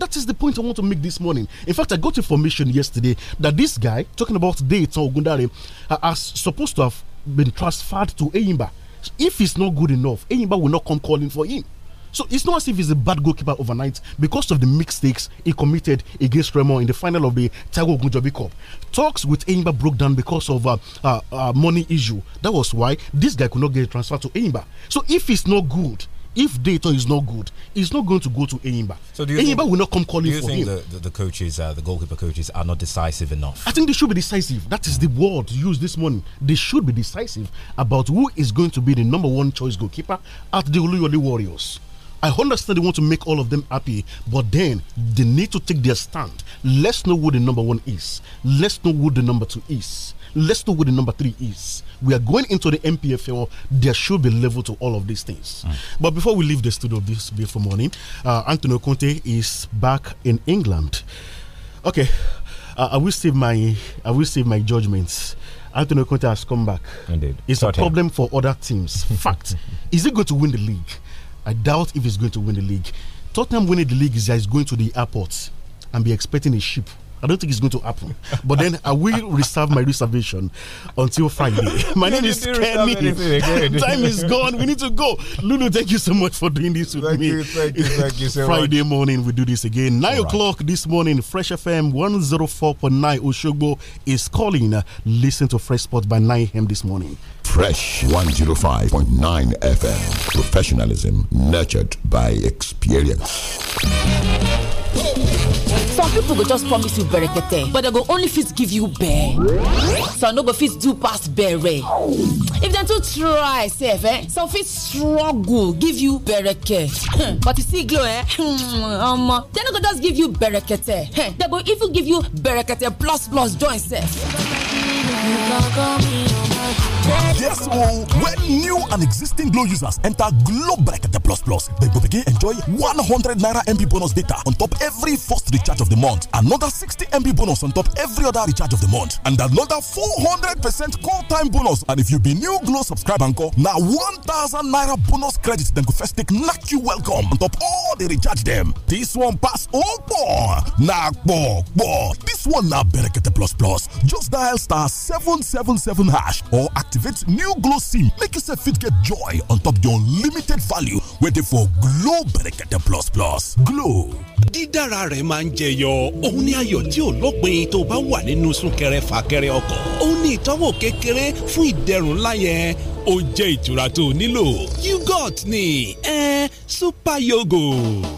that is the point I want to make this morning. In fact, I got information yesterday that this guy, talking about Dayton Ogundare, uh, are supposed to have been transferred to Eyimba. If it's not good enough, Eyimba will not come calling for him. So it's not as if he's a bad goalkeeper overnight because of the mistakes he committed against Remo in the final of the Tago Gunjabi Cup. Talks with Eimba broke down because of a uh, uh, uh, money issue. That was why this guy could not get transferred to Eimba. So if it's not good, if Dayton is not good, he's not going to go to Enyimba. So do Enyimba will not come calling for him. The, the, the coaches, uh, the goalkeeper coaches, are not decisive enough? I think they should be decisive. That is the word used this morning. They should be decisive about who is going to be the number one choice goalkeeper at the Oluyole Warriors. I understand they want to make all of them happy, but then they need to take their stand. Let's know who the number one is. Let's know who the number two is. Let's know what the number three is. We are going into the MPFL. There should be level to all of these things. Mm. But before we leave the studio this beautiful morning, uh, Antonio Conte is back in England. Okay, uh, I will save my I will save my judgments. Antonio Conte has come back. Indeed, it's a problem for other teams. [laughs] Fact. is he going to win the league? I doubt if he's going to win the league. Tottenham winning the league is going to the airport and be expecting a ship I don't think it's going to happen. But then I will reserve my reservation until Friday. [laughs] My name is Kenny. [laughs] Time is gone. We need to go. Lulu, thank you so much for doing this with thank me. You, thank you, thank you so [laughs] Friday much. morning, we do this again. Nine o'clock this morning, Fresh FM 104.9 Oshogbo is calling. Listen to Fresh Sports by 9 a.m. this morning. Fresh 105.9 FM. Professionalism nurtured by experience. some people go just promise you berekete but they go only fit give you bear some no go fit do pass bere if they too try sef eh some fit struggle give you bereke hmm, but you see glow eh hmm, omo they no go just give you berekete They hmm, dem go even give you berekete plus plus join sef Yes, oh, when new and existing Glow users enter Glow Bracket Plus Plus, they will begin enjoy 100 Naira MB bonus data on top every first recharge of the month, another 60 MB bonus on top every other recharge of the month, and another 400% call time bonus. And if you be new Glow subscriber now 1000 Naira bonus credit, then go first take knock you welcome on top all the recharge them. This one pass all four. Nah, four, This one now Bracket Plus Plus. Just dial star 777 hash or or activate new glow sim make yourself fit get joy on top the unlimited value waiting for glow berekete plus plus glow. dídára rẹ̀ máa ń jẹyọ òun ní ayọ̀ tí ò lópin tó bá wà nínú súnkẹrẹ fàkẹrẹ ọkọ̀ òun ní ìtọ́wò kékeré fún ìdẹ̀rùn láyẹn ó jẹ́ ìtura tó o nílò yogurt ni ẹ eh, super yogo.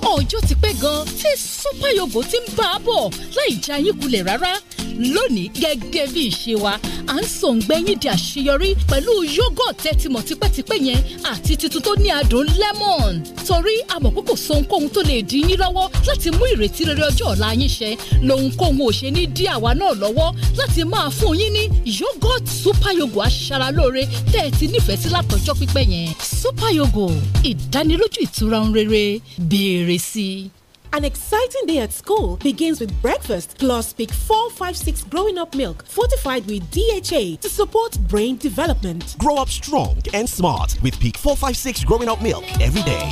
ọjọ́ ti pẹ́ gan tí super yogo ti ń bá a bọ̀ láì já yín kulẹ̀ rárá lónìí gẹ́gẹ́ bí ìṣe wa à ń sòǹgbẹ́yìn di àṣeyọrí pẹ̀lú yogurt tẹ́tìmọ̀ tipẹ́tipẹ́ yẹn àti tuntun tó ní adùn lemon torí amọ̀kókò so ohunkóhun tó lè dín yín lọ́wọ́ láti mú ìrètí rere ọjọ́ ọ̀la yín ṣẹ lóhunkóhun ò ṣe ní dí àwa náà lọ́wọ́ láti máa fún yín ní yogurt super yogo aṣaralóore tẹ́ẹ̀tì nífẹ̀ẹ́ sí látọjọ́ pípẹ́ yẹn super yogo ìdánilójú ìtura ń rere béèrè sí i. An exciting day at school begins with breakfast plus Peak 456 growing up milk fortified with DHA to support brain development. Grow up strong and smart with Peak 456 growing up milk every day.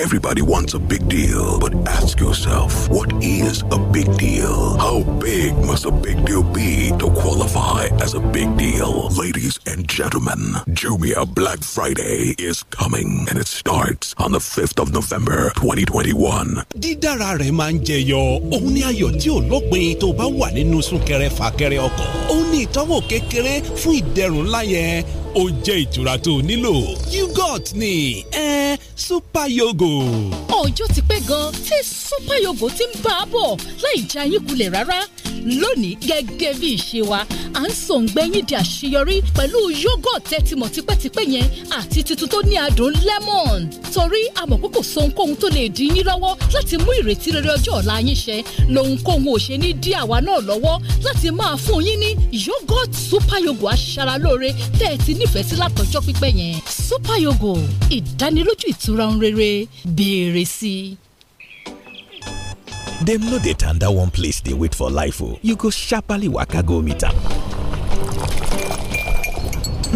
Everybody wants a big deal, but ask yourself, what is a big deal? How big must a big deal be to qualify as a big deal? Ladies and gentlemen, Jumia Black Friday is coming and it starts on the 5th of November 2021. Dídára rẹ̀ máa ń jẹyọ, òun ni ayọ̀ tí ò lópin tó bá wà nínú súnkẹrẹ fàkẹrẹ ọkọ̀. Ó ní kékeré fún ìdẹ̀rùn láyẹn. Ó jẹ́ ìtura tó ni ẹ Super Yogo. ọjọ́ ti pẹ́ gan tí super yogo ti ń bá a bọ̀ láì já yín kulẹ̀ rárá lónìí gẹ́gẹ́ bí ìṣe wa à ń sòǹgbẹ́ yín di àṣeyọrí pẹ̀lú yogurt tẹ́tìmọ̀ tipẹ́tipẹ́ yẹn àti tuntun tó ní adùn lemon torí àmọ̀ pé kò so ohunkóhun tó lè dí yín lọ́wọ́ láti mú ìrètí rere ọjọ́ ọ̀la yín ṣẹ lohunkóhun ò ṣe ní dí àwa náà lọ́wọ́ láti máa fún yín ní yogurt super yogo aṣaralóore tẹ́ ẹ ti nífẹ̀ẹ́ sí látọjọ́ pípẹ́ yẹn super yogo ìdánilójú ìtura ń rere béèrè sí i. dem no dey tanda one place dey wait for life o you go sharparly waka go meet am.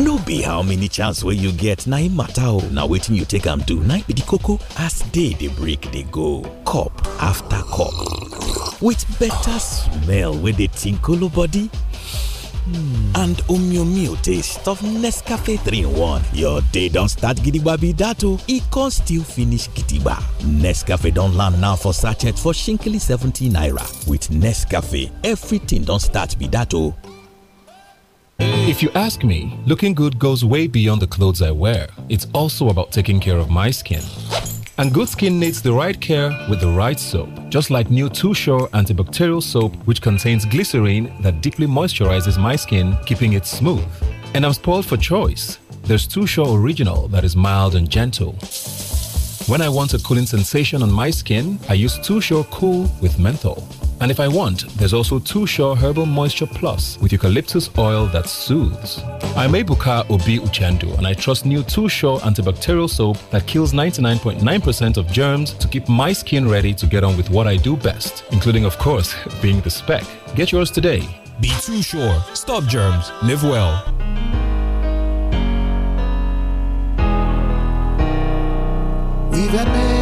no be how many chance wey you get na im matter o na wetin you take am do na be di koko as day dey break dey go cup after cup with better smell wey dey tinkolo body Hmm. And Omyomio taste of Nescafe 3 in 1. Your day don't start gidigba be that o, e con still finish gidigba. Nescafe don land now for sachet for shinkily 70 naira. With Nescafe, everything don't start be that o. If you ask me, looking good goes way beyond the clothes I wear. It's also about taking care of my skin. And good skin needs the right care with the right soap, just like new Too antibacterial soap, which contains glycerine that deeply moisturizes my skin, keeping it smooth. And I'm spoiled for choice. There's Too Original that is mild and gentle. When I want a cooling sensation on my skin, I use Too Cool with menthol. And if I want, there's also Too Sure Herbal Moisture Plus with eucalyptus oil that soothes. I'm Ebuka Obi Uchandu, and I trust new Too Sure antibacterial soap that kills 99.9% of germs to keep my skin ready to get on with what I do best, including, of course, [laughs] being the spec. Get yours today. Be Too Sure. Stop germs. Live well. We've had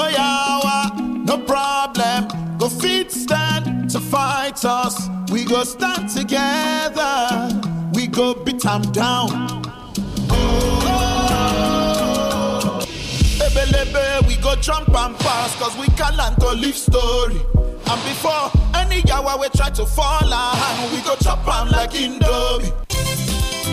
no yawa, no problem. Go feet stand to fight us. We go stand together. We go beat them down. Oh, Ebelebe, we go jump and pass, cause we can land go live story. And before any yawa we try to fall, and we go chop them like Indomie.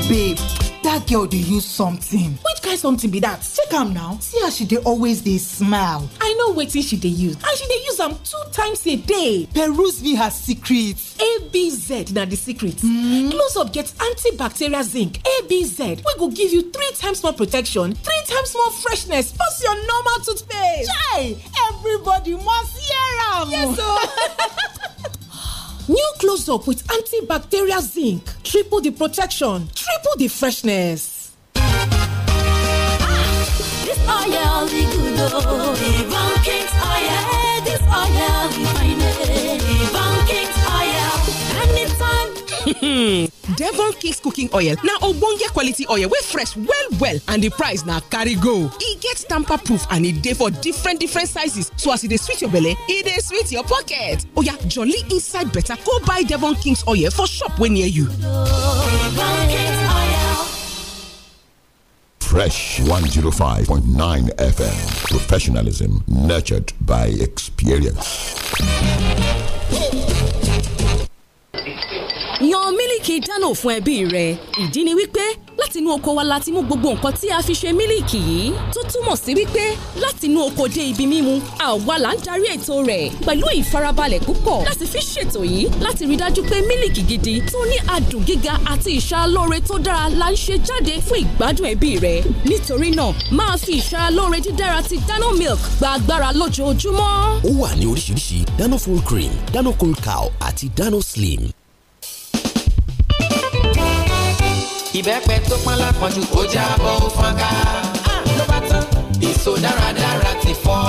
Beep dat girl dey use something which kain something be that? check am now see as she dey always dey smile i know wetin she dey use and she dey use am two times a day peruse be her secret abz na the secret hmm. close up get antibacterial zinc abz wey go give you three times more protection three times more freshness pass your normal toothpaste chai everybody must hear am yes o oh. [laughs] New close up with antibacterial zinc. Triple the protection, triple the freshness. Ah, this oil is good, oh. King's oil. This oil devon king's cooking oil Now, ogbonge quality oil We fresh well well and the price now carry go It get tamper proof and it dey for different different sizes so as it dey sweet your belly, it dey sweet your pocket oya jolly inside better go buy devon king's oil for shop when near you Fresh 105.9 FM. Professionalism nurtured by experience. yan mílìkì dánò fún ẹbí rẹ ìdí ni wípé látinú oko wa la ti mú gbogbo nǹkan tí a fi ṣe mílìkì yìí tó túmọ̀ sí wípé látinú oko dé ibi mímu àwa là ń darí ètò rẹ̀ pẹ̀lú ìfarabalẹ̀ púpọ̀ láti fi ṣètò yìí láti rí dájú pé mílìkì gidi tó ní adùn gíga àti ìṣàlóore tó dára la ń ṣe jáde fún ìgbádùn ẹbí rẹ nítorí náà máa fi ìṣàlóore dídára ti dano milk gba agbára lójoojúmọ́. ó wà ní oríṣiríṣi dano full cream dano cold cow àti dano slim. ìbẹ́pẹ tó pọ́n lápọ̀jù ó jábọ́ ó fọ́nká ló bá tán ìṣó dáradára ti fọ́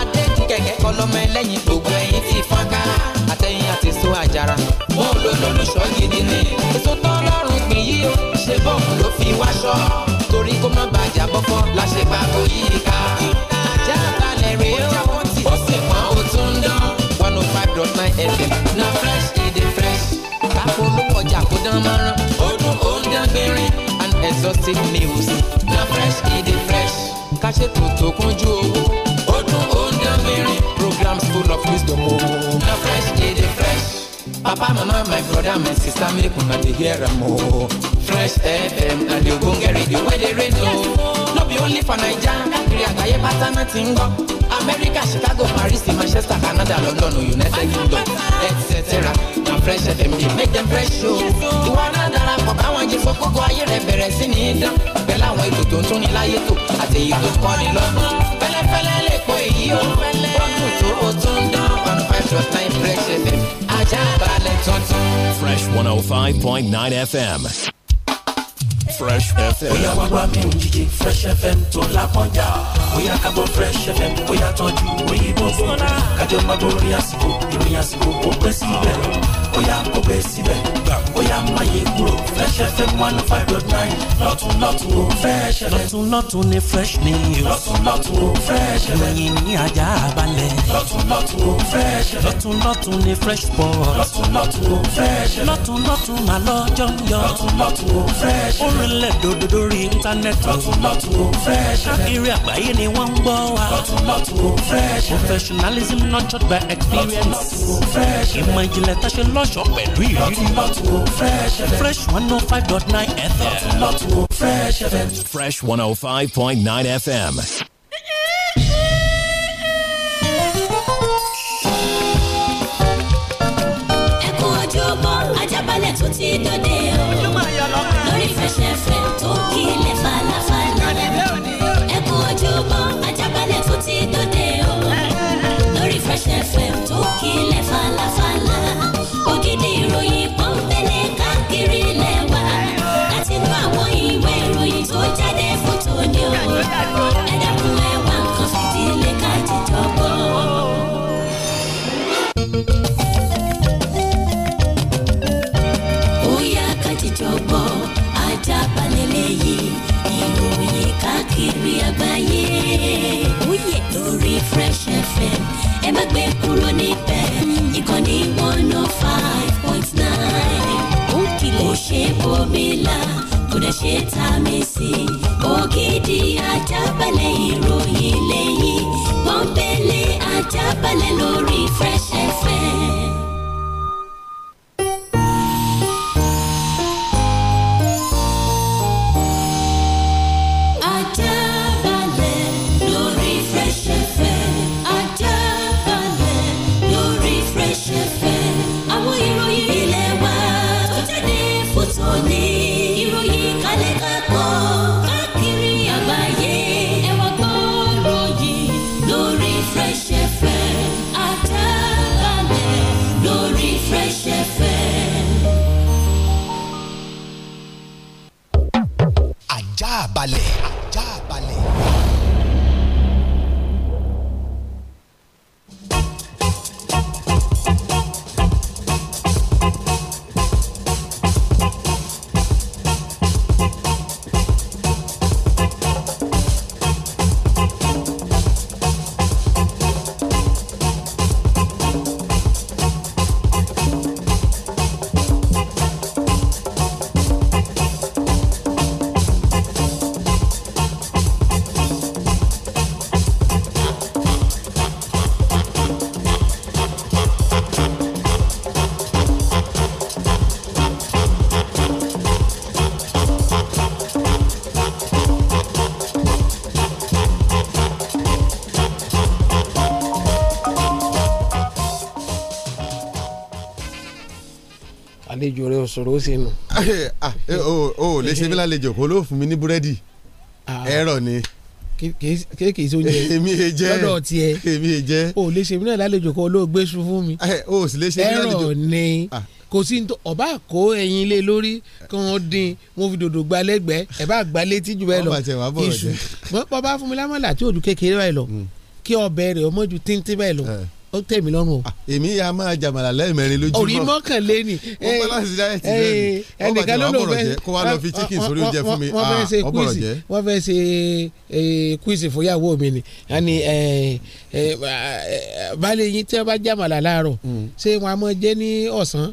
adéjú kẹ̀kẹ́ kọ́ lọ́mọ ẹlẹ́yin gbogbo ẹ̀yìn ti fọ́nká àtẹ̀yìn àti so àjàrà mo lò lólùṣọ́ gidi ni èso tán lọ́rùn pín yí o ṣe bọ́ọ̀mù ló fi wáṣọ torí kó má bàjá bọ́kọ́ la ṣe pa kó yí i ká ajá balẹ̀ rèé o ó sì pọ́n ó tún dán one oh five dot nine fm na fresh e dey fresh káfọ́ olówó ọjà kó dán mọ́rán exotic news. na fresh e dey fresh. ká ṣètò tó kúnjú owó. ó dùn ó ń programs full of wisdom o. na fresh e dey fresh. papa mama my brother my sister make una dey hear am o. fresh fm na the ogbonge radio wey dey rain o. no be only for naija Nigeria, àgbáyé pátá náà ti america chicago paris manchester canada london united kingdom etc kan fresh fm dey make dem fresh o. ìwọ náà darapọ̀ báwọn yìí fọ́ kókó ayé rẹ̀ bẹ̀rẹ̀ sí ní dán pẹ̀lú àwọn ètò tó ń tún ní láyé tó àti èyí tó kọ́ ni lọ́gbọ́n fẹ́lẹ́fẹ́lẹ́ lè po èyí o wọ́n kù tó o tún dán one five dot nine fresh fm ajá balẹ̀ tuntun. fresh one oh five point nine fm. Fresh FM. Bóyá wá wá mi ò Fresh FM tó lápọ́njà. Bóyá ká gbọ́ Fresh FM bóyá tọ́jú òyìnbó bò. Kájọ máa borí àsìkò ìròyìn àsìkò ó pẹ́ síbẹ̀ bóyá kò bẹ́ síbẹ̀ bóyá má kúrò Fresh FM one oh five dot nine lọ́tún lọ́tún ó Fresh FM. lọ́tún lọ́tún ni fresh news. lọ́tún lọ́tún ó Fresh FM. lẹ́yìn ní ajá balẹ̀. lọ́tún lọ́tún ó Fresh FM. lọ́tún lọ́tún ni fresh sport. lọ́tún lọ́tún ó Fresh FM. lọ́tún lọ́tún lọ́jọ́ ń yọ. lọ́tún lọ́tún ó Fresh FM. orílẹ̀ dòdò lórí íńtánẹ́ẹ̀tì. lọ́tún lọ́tún ó Fresh káàkiri àgbáyé ni wọ́n ń gbọ́ wa. lọ́tún lọ́tún ó Fresh professionalism nurtured by experience. lọ́tún lọ́tún ó Fresh ìmọ̀ ìjìnlẹ̀ tá ṣe lọ́ṣọ̀ọ́ pẹ̀lú ìrírí. lọ́tún lọ́tún Fresh FM. Fresh 105.9 FM. Lot Fresh FM. Fresh 105.9 FM. Ẹ Ajábalẹ̀ ti dòde. fìlà kò dẹ̀ ṣe ta mi sí i. ògidì ajábalẹ̀ ìròyìn lẹ́yìn pọ́npẹ́lẹ́ ajábalẹ̀ lórí Fresh FM. àlejò rẹ òṣòro sí nu. o ò lè ṣe mí lálejò kó ló fún mi ní búrẹ́dì ah. ẹ̀rọ ni kéèkì tó jẹ èmi è e jẹ lọ́dọ̀ tiẹ̀ èmi è e jẹ o lè ṣe mí náà lálejò kó ló gbé sun fún mi eh, o sì lè ṣe mí lálejò ẹ̀rọ ni ah. kò sí ọba kó ẹyin lé lórí kí wọn dín wọn fi dòdò gba lẹ́gbẹ̀ẹ́ ẹ bá gba létí jù bẹ́ẹ̀ lọ iṣu bọba fún mi lámọlà tí òdu kékeré báyìí lọ hmm. kí ọbẹ̀ rẹ̀ ọmọ ju tíntín báyìí lọ eh ó tẹ̀ mí lọ́rùn o. Ah, èmi yà máa jàmàlà lẹ́ẹ̀mẹrin lójúmọ́. orí mọ́kànlé ni. ó bá láti dá ẹtì náà ni. Eh, ẹnìkan ló ló bẹ́ẹ̀ kó wá lọ fi ah, chicken ah, sórí oúnjẹ fún mi. wọ́n fẹ́ ṣe kúìsì wọ́n fẹ́ ṣe kúìsì eh, fúyàwó mi ni. àní eh, baálé yín tí wọ́n bá jàmàlà láàárọ̀ hmm. ṣé wọn a mọ̀ jẹ́ ní ọ̀sán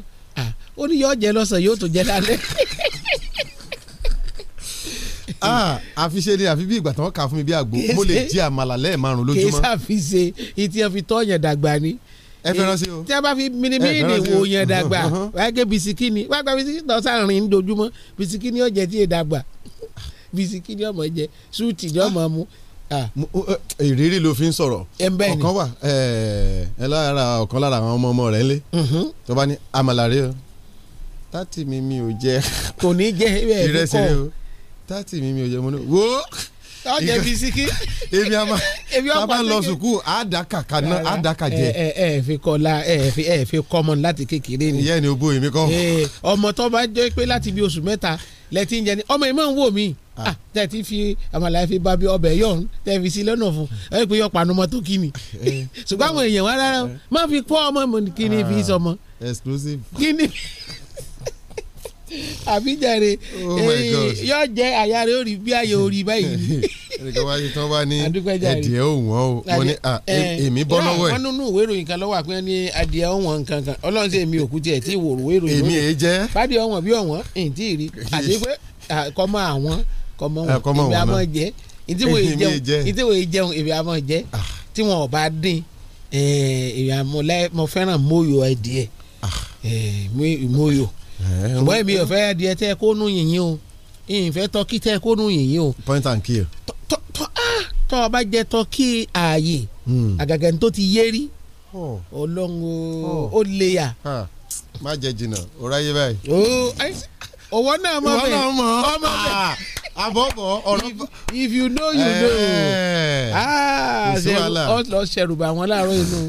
ó ní yóò jẹ lọ́sàn yóò tún jẹ lálẹ́. [laughs] àfiṣe ah, ni àfi bí ìgbà tí wọ́n kà fún mi bí àgbo mo lè jí àmàlà lẹ́ẹ̀márùn lójúmọ́. kèsì àfiṣe ìtì ẹ̀ tọ́ yẹn dàgbà ni ẹ fẹ́ràn sí o. tí a bá fi minimini ni wo yẹn dàgbà uh-huh, uh-huh. wàá gé bisikini wàá gba bisikini tó sàárín dojúmọ́ bisikini ọ̀jẹ̀ tí yẹ dàgbà bisikini ọmọ jẹ súùtì ni ọmọ mu. Ah. E, ìrírí ló fi ń sọ̀rọ̀ ọ̀kan wà ẹ lára ọ̀kan lára àwọn ọmọ ọmọ rẹ̀ ńlẹ̀ mm-hmm. tó bá ní àmàlà rẹ o tátì mi mi ò jẹ. ìrẹsì rẹ o tati mi mi ò jẹ mo ní wo. ọ jẹ bisiki. èmi àmà tábà ń lọ sùkúù àdàkà kaná àdàkà jẹ. ẹ ẹ fi kọ la ẹ fi ẹ fi kọ ọmọ láti kékeré ni. ìyá ẹni obo èmi kọ. ọmọ tó bá jẹ́ pé láti bí oṣù mẹ́ta lẹ́tí ń jẹ ni ọmọ ìmọ̀ ń wò mí tẹ̀ ti fi àmàlà fi bá bí ọbẹ̀ yọ̀ tẹ̀ fi sí lọ́nà fún ẹ pé yọ panu ọmọ tó kí ni ṣùgbọ́n àwọn èèyàn wa rárá má fi kọ́ ọmọ kí ni fi sọmọ. exclusive. kí ni àbíjàre oh eh, yóò jẹ àyà rẹ bí àyè orí báyìí ni. [laughs] ẹnìkan wá sí bá ní adìẹ òwọ́n o wọ́n ní e, eh, èmi bọ́ lọ́wọ́ ẹ̀. wọ́n nínú ìwé ìròyìn kan lọ́wọ́ àpẹ́ ní adìẹ òwọ́n nǹkan kan ọlọ́run sí èmi òkú tiẹ̀ tí ìwòrò ìwé ìròyìn. èmi èé jẹ́. fàdí ọ̀wọ́n bí ọ̀wọ́n èyí tí ì rí àti pé kọ́mọ àwọn kọ́mọ wọn èmi àmọ́ jẹ ìdíwò ìjẹun èmi àmọ́ jẹ ah. tí wọn ò bá dín eh, èmi àmọ́ mo fẹ́ràn mọ́yò adìẹ ah. mọ́yò. Eh, ṣùgbọ́n èmi ò fẹ́ adìẹ tẹ́ kó nù yìnyín o ìfẹ́ tọ́kí tẹ́ kó nù yìnyín o. point and kill. tọ́ ah! ọ bá jẹ tọ́kí ààyè hmm. àgàgà tó ti yé rí oh. ọlọ́run oh. ó lè yà. má jẹ jìnnà ó ráyé báyìí. Oh, ọwọ́ náà mọ̀ bẹ́ẹ̀ ọmọ bẹ́ẹ̀ ah, àbọ̀bọ̀ ọ̀rọ̀. if you know you eh. know. Ah, ọ̀n lọ ṣẹ̀rùbà wọn láàárọ̀ inú.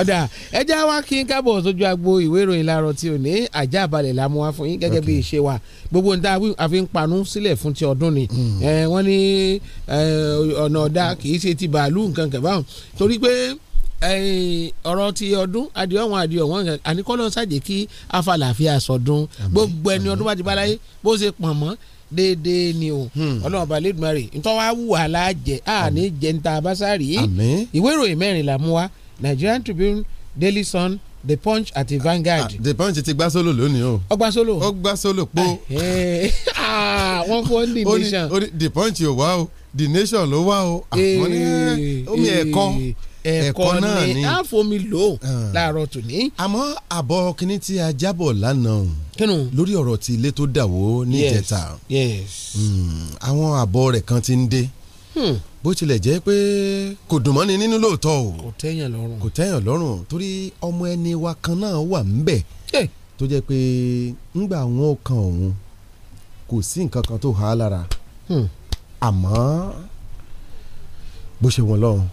ọ̀dà ẹja wa kí n kábọ̀ sójú agbo ìwé ìròyìn láàárọ̀ tí ò ní ajá balẹ̀ la mú wa fún yín gẹ́gẹ́ bí ìṣe wa gbogbo nta àfi ń panu sílẹ̀ fún ti ọdún ni. Hmm. Eh, wọ́n ní eh, ọ̀nà ọ̀dà kì í ṣe ti bàálù nǹkan kẹ̀ torí pé ọ̀rọ̀ ti ọdún adìọ̀wọ̀n adìọ̀wọ̀n àníkọ́lọ́ ṣàjẹ́ kí afàlàfíà sọdún gbogbo ẹni ọdún bá ti bá láyé bó ṣe pọ̀n mọ́ déédéé ni o hmm. ọlọ́run bá lédùn márì ntọ́ wa wù wá láàjẹ́ àní jẹ́ntà abásárì ìwé ìròyìn mẹ́rin là mú wa Nigerian Tribune Daily Sun The Punch àti Vanguard. Ah, The Punch ti gbá sólò lónìí o. ó gbá sólò. ó gbá sólò po. Ah, [laughs] ah, wọ́n fọ́ The Nation. The Punch ò wá o The Nation ló wá o. àwọn ní omi ẹ̀kọ́ ẹ̀kọ́ náà ni àfomi lò ó ah. láàárọ̀ tòní. àmọ́ àbọ̀ kínní tí a jábọ̀ lánàá kínú lórí ọ̀rọ̀ ti ilé tó dàwó ní ìjẹta hmm, àwọn àbọ̀ rẹ̀ kan ti ń dé hmm. bó tilẹ̀ jẹ́ pé kò dùn mọ́ni nínú lóòótọ́ o kò tẹ́yàn lọ́rùn kò tẹ́yàn lọ́rùn torí ọmọ ẹni wa kan náà wà ńbẹ̀ tó jẹ́ pé ńgbà wọn ò kan òun kò sí nǹkan kan tó há lára hmm. àmọ́ bó ṣe wọn lọ́rùn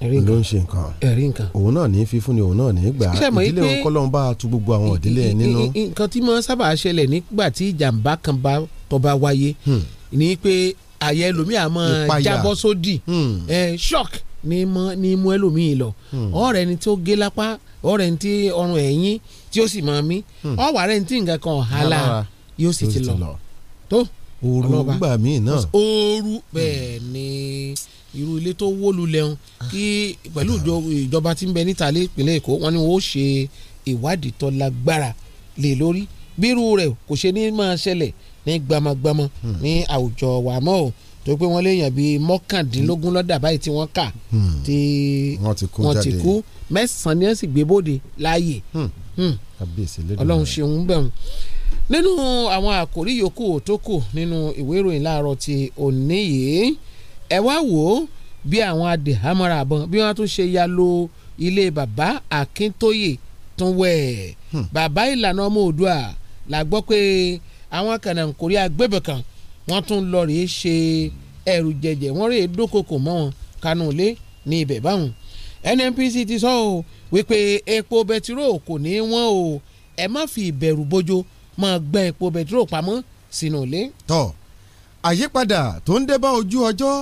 ló ń ṣe nǹkan ẹ̀rí nǹkan òun náà ní fífún ni òun náà ní gbà ìdílé wọn kọ́lọ́n bá tu gbogbo àwọn ìdílé ẹ̀ nínú. nǹkan tí mo sábà ṣẹlẹ̀ nígbà tí ìjàmbá kan bá tọba wáyé hmm. ni pé àyà ẹlòmíà máa jábọ́ sódì hmm. shock ni mọ ni mú ẹlòmíì lọ hmm. ọ̀rẹ́ ni tí ó gé lápá ọ̀rẹ́ ni tí ọrùn ẹ̀yìn tí ó sì máa mí ọwọ́ rẹ̀ ni tí nǹkan kan hàlà yóò sì ti lọ tó òru gbà míì náà òru bẹ́ẹ̀ ni. Hmm irú ilé tó wó lulẹ̀ ń kí pẹ̀lú ìjọba tí ń bẹ níta lé ìpínlẹ̀ Èkó wọn ni wọ́n ó ṣe ìwádìí tó lágbára lè lórí bírú rẹ̀ kò ṣe ní máa ṣẹlẹ̀ ní gbamagbama hmm. ní àwùjọ wa mọ́ o tó pé wọ́n léèyàn bíi mọ́kàndínlógún lọ́dà báyìí tí wọ́n kà hmm. tí wọ́n ti kú mẹ́sàn-án ni wọ́n sì gbé bóde láàyè hmm. ọlọ́run ṣeun bẹ̀rù nínú àwọn àkòrí yòókù tó kù nínú ìwé ìròyìn láàárọ̀ ti òní yìí ẹ wá wò ó bí àwọn adìhámọ́ra àbọ̀n bí wọ́n tún ṣe ya lo ilé bàbá Akíntóyè tún wẹ̀ hmm. bàbá ìlànà ọmọ Oòduà la gbọ́ pé àwọn kànáńkórí agbébọn kan wọ́n tún lọ rèé ṣe ẹrù jẹjẹ wọ́n rèé dókòkò mọ́ wọn kanú ilé ní ibẹ̀ báwọn NNPC ti sọ ọ wípé epo bẹtiró kò ní wọ́n o ẹ má fi ìbẹ̀rù bójó máa gbẹ́ epo bẹtiró pamọ́ sínú ilé. tọ́ọ̀ àyípadà tó ń dé bá ojú ọjọ́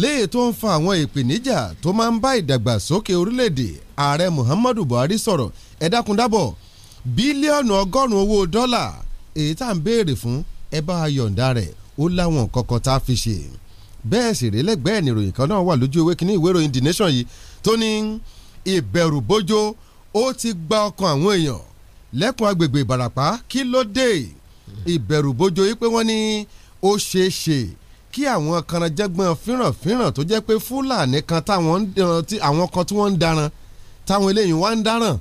léè tó ń fa àwọn ìpèníjà tó máa ń bá ìdàgbàsókè orílẹ̀-èdè ààrẹ Muhammadu Buhari sọ̀rọ̀ ẹ dákun dábọ̀ bílíọ̀nù ọgọ́rùn-ún owó dọ́là èyí tá à ń béèrè fún ẹ bá a yọ̀ǹda rẹ̀ ó láwọn kọ̀ọ̀kan tá a fi ṣe bẹ́ẹ̀ sì rí lẹ́gbẹ́ẹ̀ nìròyìn kan náà wà lójú ewé kínní ìwé ìròyìn The Nation yìí tó ní ìbẹ̀rù bójó ó ti gba ọkàn àwọn èèyàn lẹ́kùn agbègbè Ìbàràpá kí ló dé ìbẹ̀rù bójó yìí pé wọ́n ní ó ṣeé ṣe kí àwọn kanajẹ́gbọ́n fírànfíràn tó jẹ́ pé fúlàní kan táwọn àwọn kan tí wọ́n ń daran táwọn eléyìí wá ń dáràn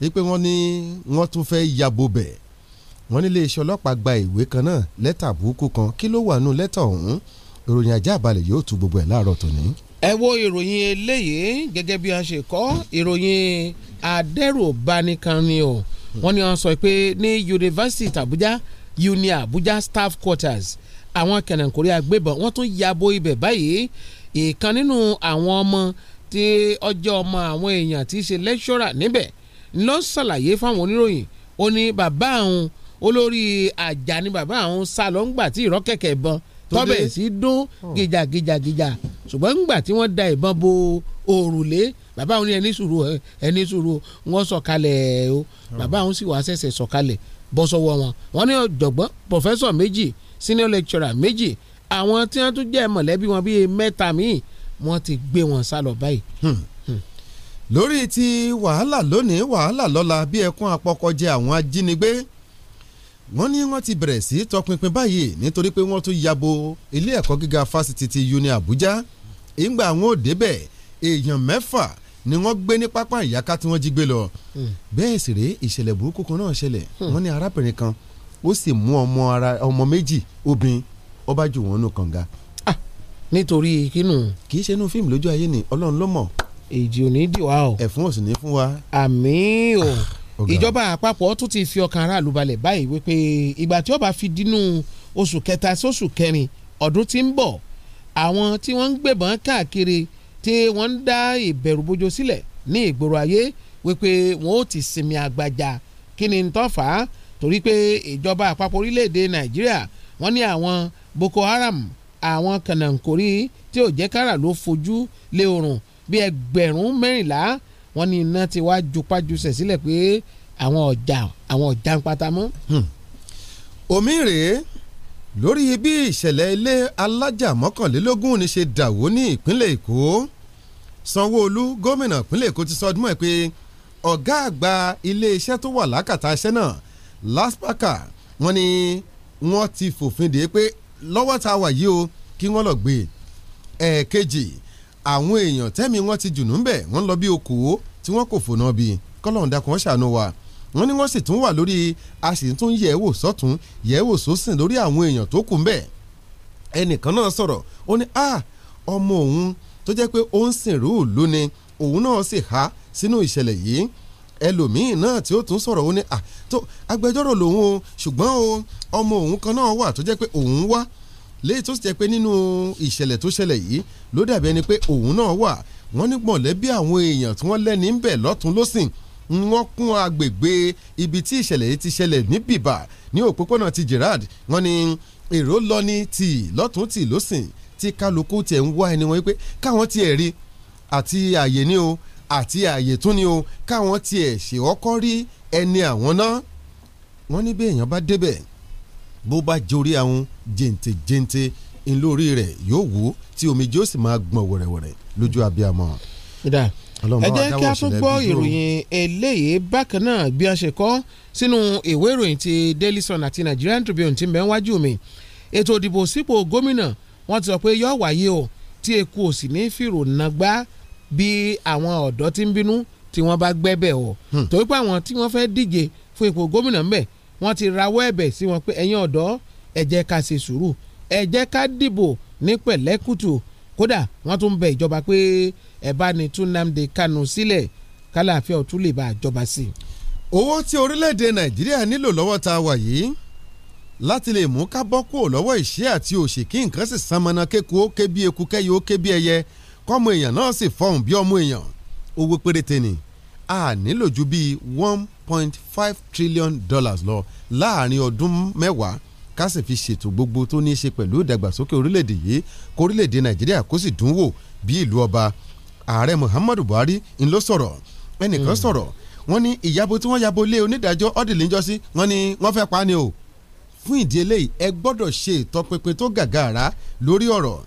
wípé wọ́n ní wọ́n tún fẹ́ yàbò bẹ̀ wọ́n ní iléeṣẹ́ ọlọ́pàá gba ìwé kan náà lẹ́tà burúkú kan kí ló wà nù lẹ́tà ọ̀hún ìròyìn ajá àbálẹ̀ yóò tú gbogbo ẹ̀ láàárọ̀ tòní. ẹ wo ìròyìn eléyìí gẹ́gẹ́ bí a ṣe kọ́ ìròyìn adẹ́rùbánikan o hmm. wọ́n ní wọ́n sọ pé ní yunifásitì Àbújá uni Àbújá staff quarters àwọn kẹ̀nẹ̀kórí agbébọn wọ́n tún ya bo ibẹ̀ báyìí ìkan nínú àwọn ọmọ tí ọjọ́ ọmọ àwọn èèyàn tí í ṣe lẹ́ṣọ́rà níbẹ̀ ló ṣàlàyé fáwọn oníròyìn ó ní bàbá àwọn olórí àjà ni bàbá àwọn sá lọ ńgbà tí ìrọ́ kẹ̀kẹ́ ìbọn tọ́bẹ̀ sí dún hmm. gìjàgìjàgìjà ṣùgbọ́n ńgbà tí wọ́n da ìbọn bo òrùlé bàbá àwọn ní ẹni sùúrù ẹni sùúrù wọ́n sọ̀kalẹ̀ o hmm. bàbá àwọn sì wá ṣẹ̀ṣẹ̀ sọ̀kalẹ̀ bọ́sọ̀wọ́ wọn wọn ní ọ̀jọ̀gbọ́n pòfẹ́sọ̀ méjì senior lecturer méjì àwọn tí wọ́n tún jẹ́ mọ̀lẹ́bí wọn bíi mẹ́ta míì wọ́n ti gbé wọn sá lọ báyìí. Hmm. Hmm. lórí ti wàhálà lónìí wàhálà lọ́la bí ẹkún àpọ̀kọ jẹ àwọn ajínigbé wọ́n ní wọ́n ti bẹ̀rẹ̀ sí tọpinpin báyìí nítorí pé wọ́n tún yabo ilé ẹ̀kọ́ gíga fásitì ti uni Abuja ìgbà àwọn ò débẹ̀ èèyàn mẹ́fà ni wọ́n gbé ní pápá ìyáká tí wọ́n jí gbé lọ hmm. bẹ́ẹ̀ sì rèé ìṣẹ̀lẹ̀ burúkú kan náà ṣẹlẹ̀ wọ́n ní arábìnrin kan ó sì mú ọmọ ara ọmọ méjì obìnrin ó bá jù wọ́n nù kànga. Ah, nítorí kínú. kì í ṣe inú fíìmù lójú ayé ni ọlọ́run ló mọ̀. èjì ò ní dì wá o. ẹ̀fún òsì ní fún wa. àmì o ah, ìjọba àpapọ̀ tún ti fi ọkàn aráàlú balẹ̀ báyìí wípé ìgbà tí ó bá fi dínú oṣù kẹta sí oṣù kẹrin ọdún tí ń bọ̀ àwọn tí wọ́n ń gbébọn káàkiri tí wọ́n ń dá ìbẹ̀rù bójó sílẹ̀ ní ìgboro ayé wípé wọ́n ó ti sinmi àgbàjà kí ni ń tọ́fà torí pé ìjọba àpapọ̀ orílẹ̀-èdè nàìjíríà wọ́n ní àwọn boko haram àwọn kànáńkórí tí ò jẹ́ kára ló fojú lé oòrùn bí ẹgbẹ̀rún mẹ́rìnlá wọ́n ní iná ti wá jupájusẹ̀ sílẹ̀ pé àwọn ọ̀jà àwọn ọ̀jà ń pata mọ́. Hmm. omi rèé lórí bí ìṣẹ̀lẹ̀ ilé alájà mọ́kànlélógún ni ṣe dàwó ní ìpínlẹ̀ èkó sanwó-olu gómìnà ìpínlẹ̀ èkó ti sọdún ẹ̀ pé ọ̀gá àgbà iléeṣẹ́ tó wà lákàtà iṣẹ́ náà LASPACA wọ́n ní wọ́n ti fòfin de pé lọ́wọ́ tá a wà yìí o kí wọ́n lọ gbé e. ẹ̀ẹ̀kejì àwọn èèyàn tẹ́mi wọ́n ti jùnú bẹ̀ wọ́n lọ bí okòwò tí wọ́n kò fò náà bí kọ́lọ́run dákun ṣàánú wa wọ́n ní wọ́n sì tún wà lórí a sì tún yẹ̀ wò sọ́tún yẹ̀ wò sósìn lórí àwọn èèyàn tó kù ń bẹ̀ ẹnìkan náà sọ̀rọ̀ ó ní a ọmọ òun tó jẹ́ pé ó ń sìn rúù lónìí òun náà sì há sínú ìṣẹ̀lẹ̀ yìí ẹlòmíín náà tí ó tún sọ̀rọ̀ ó ní à tó agbẹjọ́rò lòun o ṣùgbọ́n o ọmọ òun kan náà wà tó jẹ́ pé òun wá léyìí tó sì jẹ́ pé nínú ìṣẹ̀lẹ̀ tó ṣẹlẹ̀ yìí ló dàbí ẹni pé òun náà wà wọ́n ní mọ̀lẹ́bí àwọn èèyàn tí wọ́n lẹ́ni ń bẹ̀ lọ́tún lọ́sìn wọ́n kún agbègbè ibi tí ìṣẹ̀lẹ̀ yìí ti ṣẹlẹ̀ ní bìbà ní òpópónà ti Gerard wọ́n ní èrò lọ ní tì lọ́tún tì lọ́sìn tí kálukú tiẹ̀ ń wá ẹni wọn pé káwọn tiẹ̀ rí àti àyè ní o àti ààyè tún ni o káwọn tiẹ̀ ṣèwọ́kọ́ rí ẹni àwọn náà wọ́n ní bí èèyàn bá débẹ̀ bó bá jorí àwọn jèǹtèjèǹtè ńlórí rẹ̀ yóò wò tí omijé ó sì máa gbọ̀n wẹ̀rẹ̀wẹ̀rẹ̀ lójú abiyamọ. ẹ jẹ́ kí a tún gbọ́ ìròyìn eléyìí bákan náà bí a ṣe kọ sínú ìwé ìròyìn ti Daily Sun àti Nigerian Tribune ti ń bẹ níwájú mi ètò ìdìbò sípò gómìnà wọ́n ti sọ pé yóò wáyé o tí eku ò sì ní fìrò nàgbá bí àwọn ọ̀dọ́ ti ń bínú tí wọ́n bá gbẹ́bẹ̀ ọ̀ hmm. torí pé àwọn tí wọ́n fẹ́ díje fún ipò gómìnà ńbẹ̀ wọ́n ti rawọ́ ẹ̀bẹ̀ sí wọn pé ẹ̀yin ọ̀dọ́ ẹ jẹ́ ká ṣe sùúrù ẹ jẹ́ ká dìbò ní pẹ̀lẹ́kùtù kódà wọ́n tún bẹ ìjọba pé ẹ bá ní tún Nnamdi Kanu sílẹ̀ kálàáfíà ọ̀tún lè bá àjọba sí. owó tí orílẹ̀-èdè Nàìjíríà nílò lọ́wọ́ tá wà yìí láti lè mú ká bọ́ kúrò lọ́wọ́ ìṣẹ́ àti òṣì kí nǹkan sì san mọ́nà kéku ó ké bí eku kẹ́yẹ ó ké bí ẹyẹ kọ́mọ èèyàn náà sì fọhùn bí ọmọ èèyàn owó péréte ni a nílò ju bíi one point five trillion dollars lọ láàrin ọdún mẹ́wàá ká sì fi ṣètò gbogbo tó ní í ṣe pẹ̀lú ìdàgbàsókè orílẹ̀-èdè yìí kó orílẹ̀-èdè nàìjíríà kó sì dùn wò bí ìlú ọba ààrẹ muhammadu buhari ń lọ sọ̀rọ̀ ẹnìkan hmm. sọ̀rọ̀ wọ́n ní ìyàbò tí wọ́n yàbò lé onídàájọ́ ọ́dìlì ńjọ́sí wọ́n ní wọ́n fẹ́ pa ni o fún ìdí eléyìí ẹ gbọ́dọ̀ ṣe ìtọpinpin tó gàgàrà lórí ọ̀rọ̀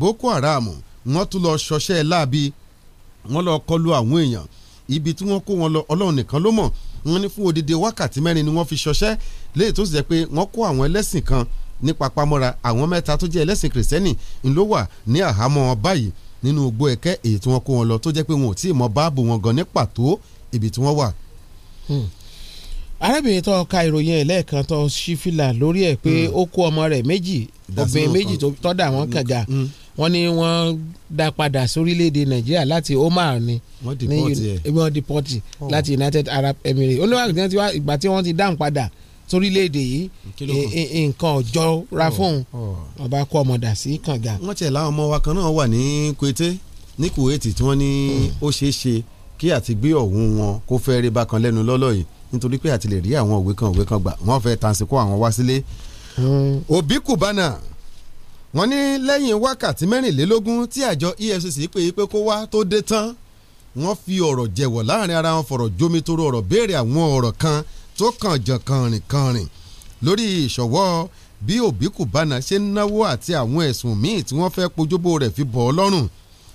boko haram wọ́n tún lọ ṣọṣẹ́ láàbí wọ́n lọ kọlu àwọn èèyàn ibi tí wọ́n kó wọn lọ ọlọ́run nìkan ló mọ̀ wọ́n ní fún odidi wákàtí mẹ́rin ni wọ́n fi ṣọṣẹ́ léyìí tó sì jẹ́ pé wọ́n kó àwọn ẹlẹ́sìn kan ní papamọ́ra àwọn mẹ́ta tó jẹ́ ẹlẹ́sìn kìrìsẹ́nì ńlọ wà ní àhámọ́ báyìí nínú ògbó ẹ̀kẹ́ èyí tí wọ́n kó wọn lọ tó jẹ́ pé wọn ò tí ì mọ báàbù wọn gan ní pàtó ibi tí wọ́n wà. Hmm. arábìnrin tó ka ìròyìn ẹ̀ lẹ́ẹ̀kan tó ṣí fìlà lórí ẹ̀ pé hmm. ó kó ọmọ rẹ̀ méjì obìnrin méjì tó dà wọ́n kànga hmm wọ́n ní wọ́n dá padà sórílẹ̀‐èdè nàìjíríà láti Omar ni wọ́n dìpọ́tì oh. láti United Arab Emirates olùwàgbọ́n ìgbà tí wọ́n ti dáhùn padà sórílẹ̀‐èdè yìí nǹkan ọ̀jọ́ ra oh, fóun oh. ọba kó ọmọdà sí kànga. wọ́n tiẹ̀ láwọn ọmọ wa kan náà wà ní Kuwait ní Kuwait tí wọ́n ní hmm. ó ṣeé ṣe kí àti gbé ọ̀hún wọn kó fẹ́ rí bákan lẹ́nu lọ́lọ́ yìí nítorí pé àti lè rí àwọn òwe kan òwe kan gbà wọ́n fẹ́ tansi kó àwọn wá sílé. òbí hmm. kùbánà wọ́n ní lẹ́yìn wákàtí mẹ́rìnlélógún tí àjọ EFCC pé pé kó wá tó dé tán wọ́n fi ọ̀rọ̀ jẹ̀wọ̀ láàrin ara wọn fọ̀rọ̀ jomitoro ọ̀rọ̀ béèrè àwọn ọ̀rọ̀ kan tó kàn jàn kànrìn kànrìn lórí ìṣọ̀wọ́ bí òbí kùbánà ṣe ń náwó àti àwọn ẹ̀sùn míì tí wọ́n fẹ́ pojúbó rẹ̀ fi bọ̀ ọ́ lọ́rùn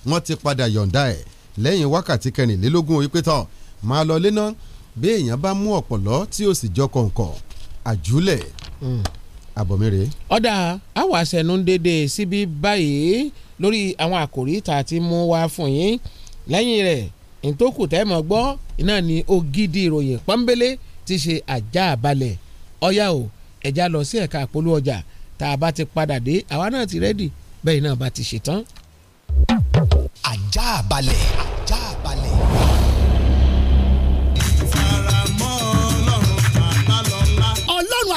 wọ́n ti padà yọ̀ǹda ẹ̀ lẹ́yìn wákàtí kẹrìnlélógún wípé tán máa lọ lé náà bí èèyàn bá mú ọ̀pọ̀lọ́ tí ó sì jọ kọ̀ǹkọ̀ àjúlẹ̀. Mm àbọ̀mẹ́rẹ́. ọ̀dà àwọn àṣẹnu ń dédé síbí báyìí lórí àwọn àkòrí tá a ti mú wá fún yín lẹ́yìn rẹ̀ ntòkù tẹ́ mọ̀ gbọ́ iná ni ògidì ìròyìn pọ́nbélé ti ṣe àjà àbalẹ̀ ọ̀yá o ẹ̀já lọ sí ẹ̀ka àpolú ọjà tá a bá ti padà dé àwa náà ti rẹ́dì bẹ́ẹ̀ náà bá ti ṣetán. àjà àbalẹ̀ àjà àbalẹ̀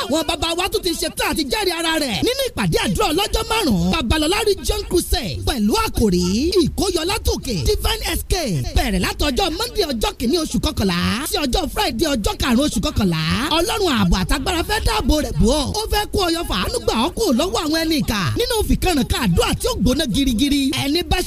àwọn bàbá wa tún ti ṣetán àti jẹ́rìí ara rẹ̀ nínú ìpàdé àdúrà ọlọ́jọ́ márùn-ún babalọ́lá region crusade pẹ̀lú àkòrí ìkóyọlátòkè divine sk bẹ̀rẹ̀ látọjọ́ monday ọjọ́ kìíní oṣù kọkànlá sí ọjọ́ friday ọjọ́ karùn-ún oṣù kọkànlá ọlọ́run ààbò àtagbára fẹ́ dáàbò rẹ̀ bò ó ó fẹ́ kó ọyọ fàánú gbà ọ́ kó lọ́wọ́ àwọn ẹni ìka nínú fìkànnà káàdúrà tí ó gbóná girigiri ẹni bá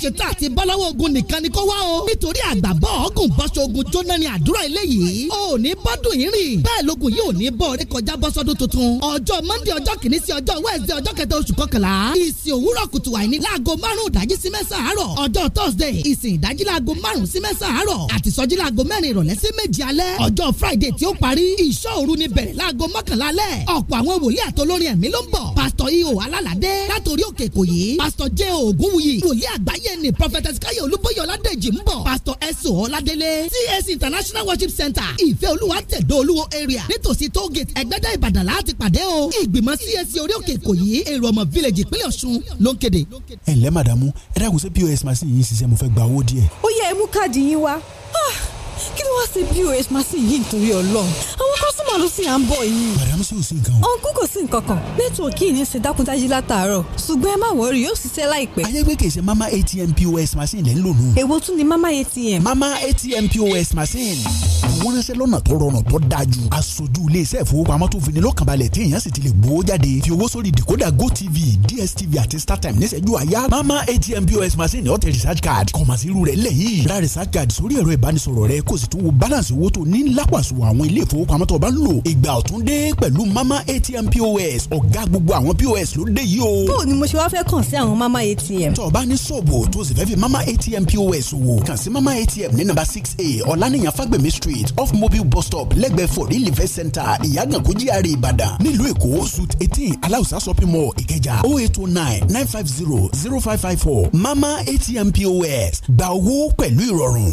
o nítorí àgbàbọ̀ ọ̀gùn bọ́ṣọ ogun ni àdúrà eléyìí ò ní bọ́dún yìí rìn bẹ́ẹ̀ lógun yìí ò ní bọ́ ọ̀rẹ́ tuntun ọjọ́ mọ́ndé ọjọ́ kìíní sí ọjọ́ wẹ́ẹ̀sì ọjọ́ kẹta oṣù kọkànlá ìsìn òwúrọ̀ kùtù àìní láago márùn-ún ìdájí sí mẹ́sàn àárọ̀ ọjọ́ thursday ìsìn ìdájí láago márùn-ún sí mẹ́sàn àárọ̀ àti sọjí láago mẹ́rin ìrọ̀lẹ́ sí méje alẹ́ ọjọ́ friday tí ó parí ìṣọ́ òru ni bẹ̀rẹ̀ láago mọ́kànlá alẹ́ ọ̀pọ̀ àwọn wòlíì àtolórin ẹ̀mí ló ń bọ̀ pásítọ̀ ihò e alálàdé látòrí òkè ìkòyí pásítọ̀ jẹ́ ògúnwùyí wòlíì àgbáyé ni prophetess káyọ̀ olúbóyè ọládèjì ń bọ̀ international worship center ìfẹ́ olúwa area nítòsí tollgate ẹ̀gbẹ́dá ìbàdàn láti pàdé o ìgbìmọ̀ CAC orí òkè ìkòyí èrò ọmọ village ìpínlẹ̀ Ọ̀ṣun ló ń kéde. ẹ ǹlẹ́ màdàmú ẹ dákun sí POS machine yìí ṣiṣẹ́ mo fẹ́ gba owó díẹ̀. ó yẹ ẹ káàdì yín wá ah, kí ló wá ṣe pos machine yìí nítorí Ọlọ́run àwọn kọ́sùmọ̀ ló sì à ń bọ̀ yìí. bàdàmú sí òsín kan. ọ̀nkú kò sí nǹkan kan nẹ́tíwọ̀kì ní ṣe dákúndájí látàárọ̀ ṣùgbọ́n ẹ má wọrí yóò ṣiṣẹ́ láìpẹ́. ayégbé kì mama atm pos machine lẹ́ ń lò nù. èwo tún ni mama atm. mama atm pos machine wọ́n lọ́nà tó rọrùn tó dájú. aṣojú iléeṣẹ́ ìfowópamọ́ tó fini lọ́kànbalẹ̀ tí èèyàn sì ti lè gbowó jáde fi owó sórí decoder gotv dstv àti startime níṣẹ́jú àyà mama atm pos machine ọ̀tẹ̀ research card kọ̀mọ̀sí rẹ̀ lẹ́yìn ra research card sórí ẹ̀rọ ìbánisọ̀rọ̀ rẹ kó sì tún wo balance owó tó ní lápàṣù àwọn ilé ìfowópamọ́ tó bá ń lò ìgbà ọ̀tún a ọ̀lànìyàn fagbemi street off mobile bus stop lẹ́gbẹ̀ẹ́ for real event center ìyàgànkó GRA ìbàdàn nílùú èkó suit eighteen aláùsá shopping mall ìkẹjà o oh eight o oh nine nine five zero zero five five four mama atm pos gba owó pẹ̀lú ìrọ̀rùn.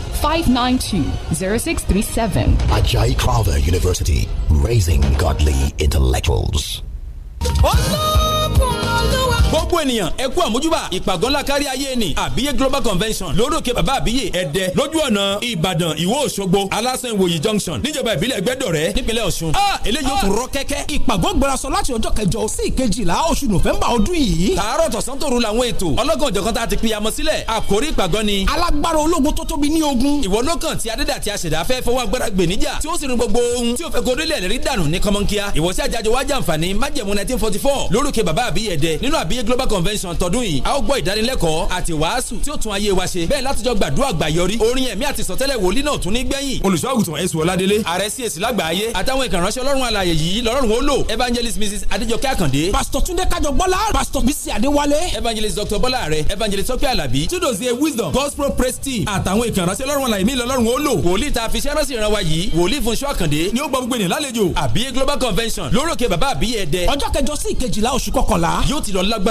592-0637. Ajay Crowther University, raising godly intellectuals. gbogbo ènìyàn ẹ kú àmójúbà ìpàgọ́lá kárí ayé ni àbíyé global convention lórókè bàbá àbíyé ẹ̀dẹ́ lójú ọ̀nà ìbàdàn ìwó òṣogbo alásán ìwòyí junction níjọba ìbílẹ̀ gbẹ́dọ̀rẹ́ nípínlẹ̀ ọ̀ṣun. a ah, eléyìí ó tún rọ kẹ́kẹ́. ìpàgọ́ gbọ́dọ̀sọ láti ọjọ́ kẹjọ sí ìkejìlá oṣù nọ́fẹ̀mbà ọdún yìí. tààrọ̀ tọ̀sán tòru làwọn ètò ọlọ́gàn òjọ̀kan a ti ni. alágbára ológun tó tóbi ní ogun. ìwọ ló kàn tí adédà tí a ṣẹ̀dá fẹ́ fọwọ́ agbára gbè níjà tí ó sì rin gbogbo ohun tí ó fẹ́ kó délẹ̀ rí dànù ní kọ́mọ́nkíá. ìwọ sí 1944 lórúkẹ bàbá àbí ẹ̀dẹ nínú àbí wáyé global convention tọdún yìí a ó gbọ́ ìdánilẹ́kọ̀ọ́ àti wàásù tí ó tún ayé wa ṣe bẹ́ẹ̀ látijọ́ gbàdúrà gbàyọrí orin ẹ̀mí àti sọtẹ́lẹ̀ wòlíì náà tún ní gbẹ̀yìn olùṣọ́àgùtàn èṣù ọ̀ládélé ààrẹ csc lágbàáyé àtàwọn ìkànránṣẹ́ ọlọ́run alàyè yìí lọ́rùn ó lò evangelist mrs adéjọkẹ́ àkàndé pastor túndé kájọgbọ́lá pastor bísí adéwálé evangelist dr bọ́lá rẹ̀ evangelist tọ́pẹ́ alábí chidozie wisdom gospel praise team àtàwọn ìkànránṣẹ́ ọlọ́run alàyè mi lọ́rùn ó lò wòlíì ta fiṣẹ́ ránṣẹ́ ìran wa yìí wòlíì fúnṣọ́ àkàndé ni ó gbọ́ gbogbo ènìyàn lálejò àbí global convention lórókè bàbá àbí ẹ̀dẹ ọjọ́ kẹjọ sí ìkejìlá oṣù kọkànlá yóò ti lọ lágbá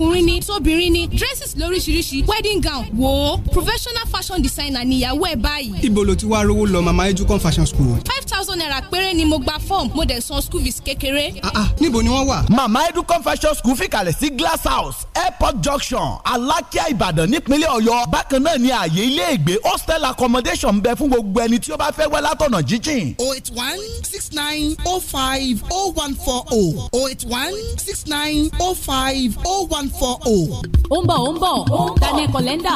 tọkùnrin ni tóbìnrin ni dresses lóríṣiríṣi wedding gown wò professional fashion designer níyàwó ẹ̀ báyìí. ibo ló ti wá rówó lọ mama edu fashion school. five thousand naira péré ni mo gba form mo dẹ̀ san school fees kékeré. ah, ah níbo ni wọ́n wà. mama edu confession school fìkàlẹ̀ sí glass house airport junction alákíá ìbàdàn nípínlẹ̀ ọ̀yọ́ bákan náà ni ààyè ilé ìgbé hostel accommodation bẹ fún gbogbo ẹni tí ó bá fẹ́ wá látọ̀nà jíjìn. o eight one six nine o five o one four o o eight one six nine o five o one four o. ó ń bọ̀ ó ń bọ̀ daniel kọ̀lẹ́ndà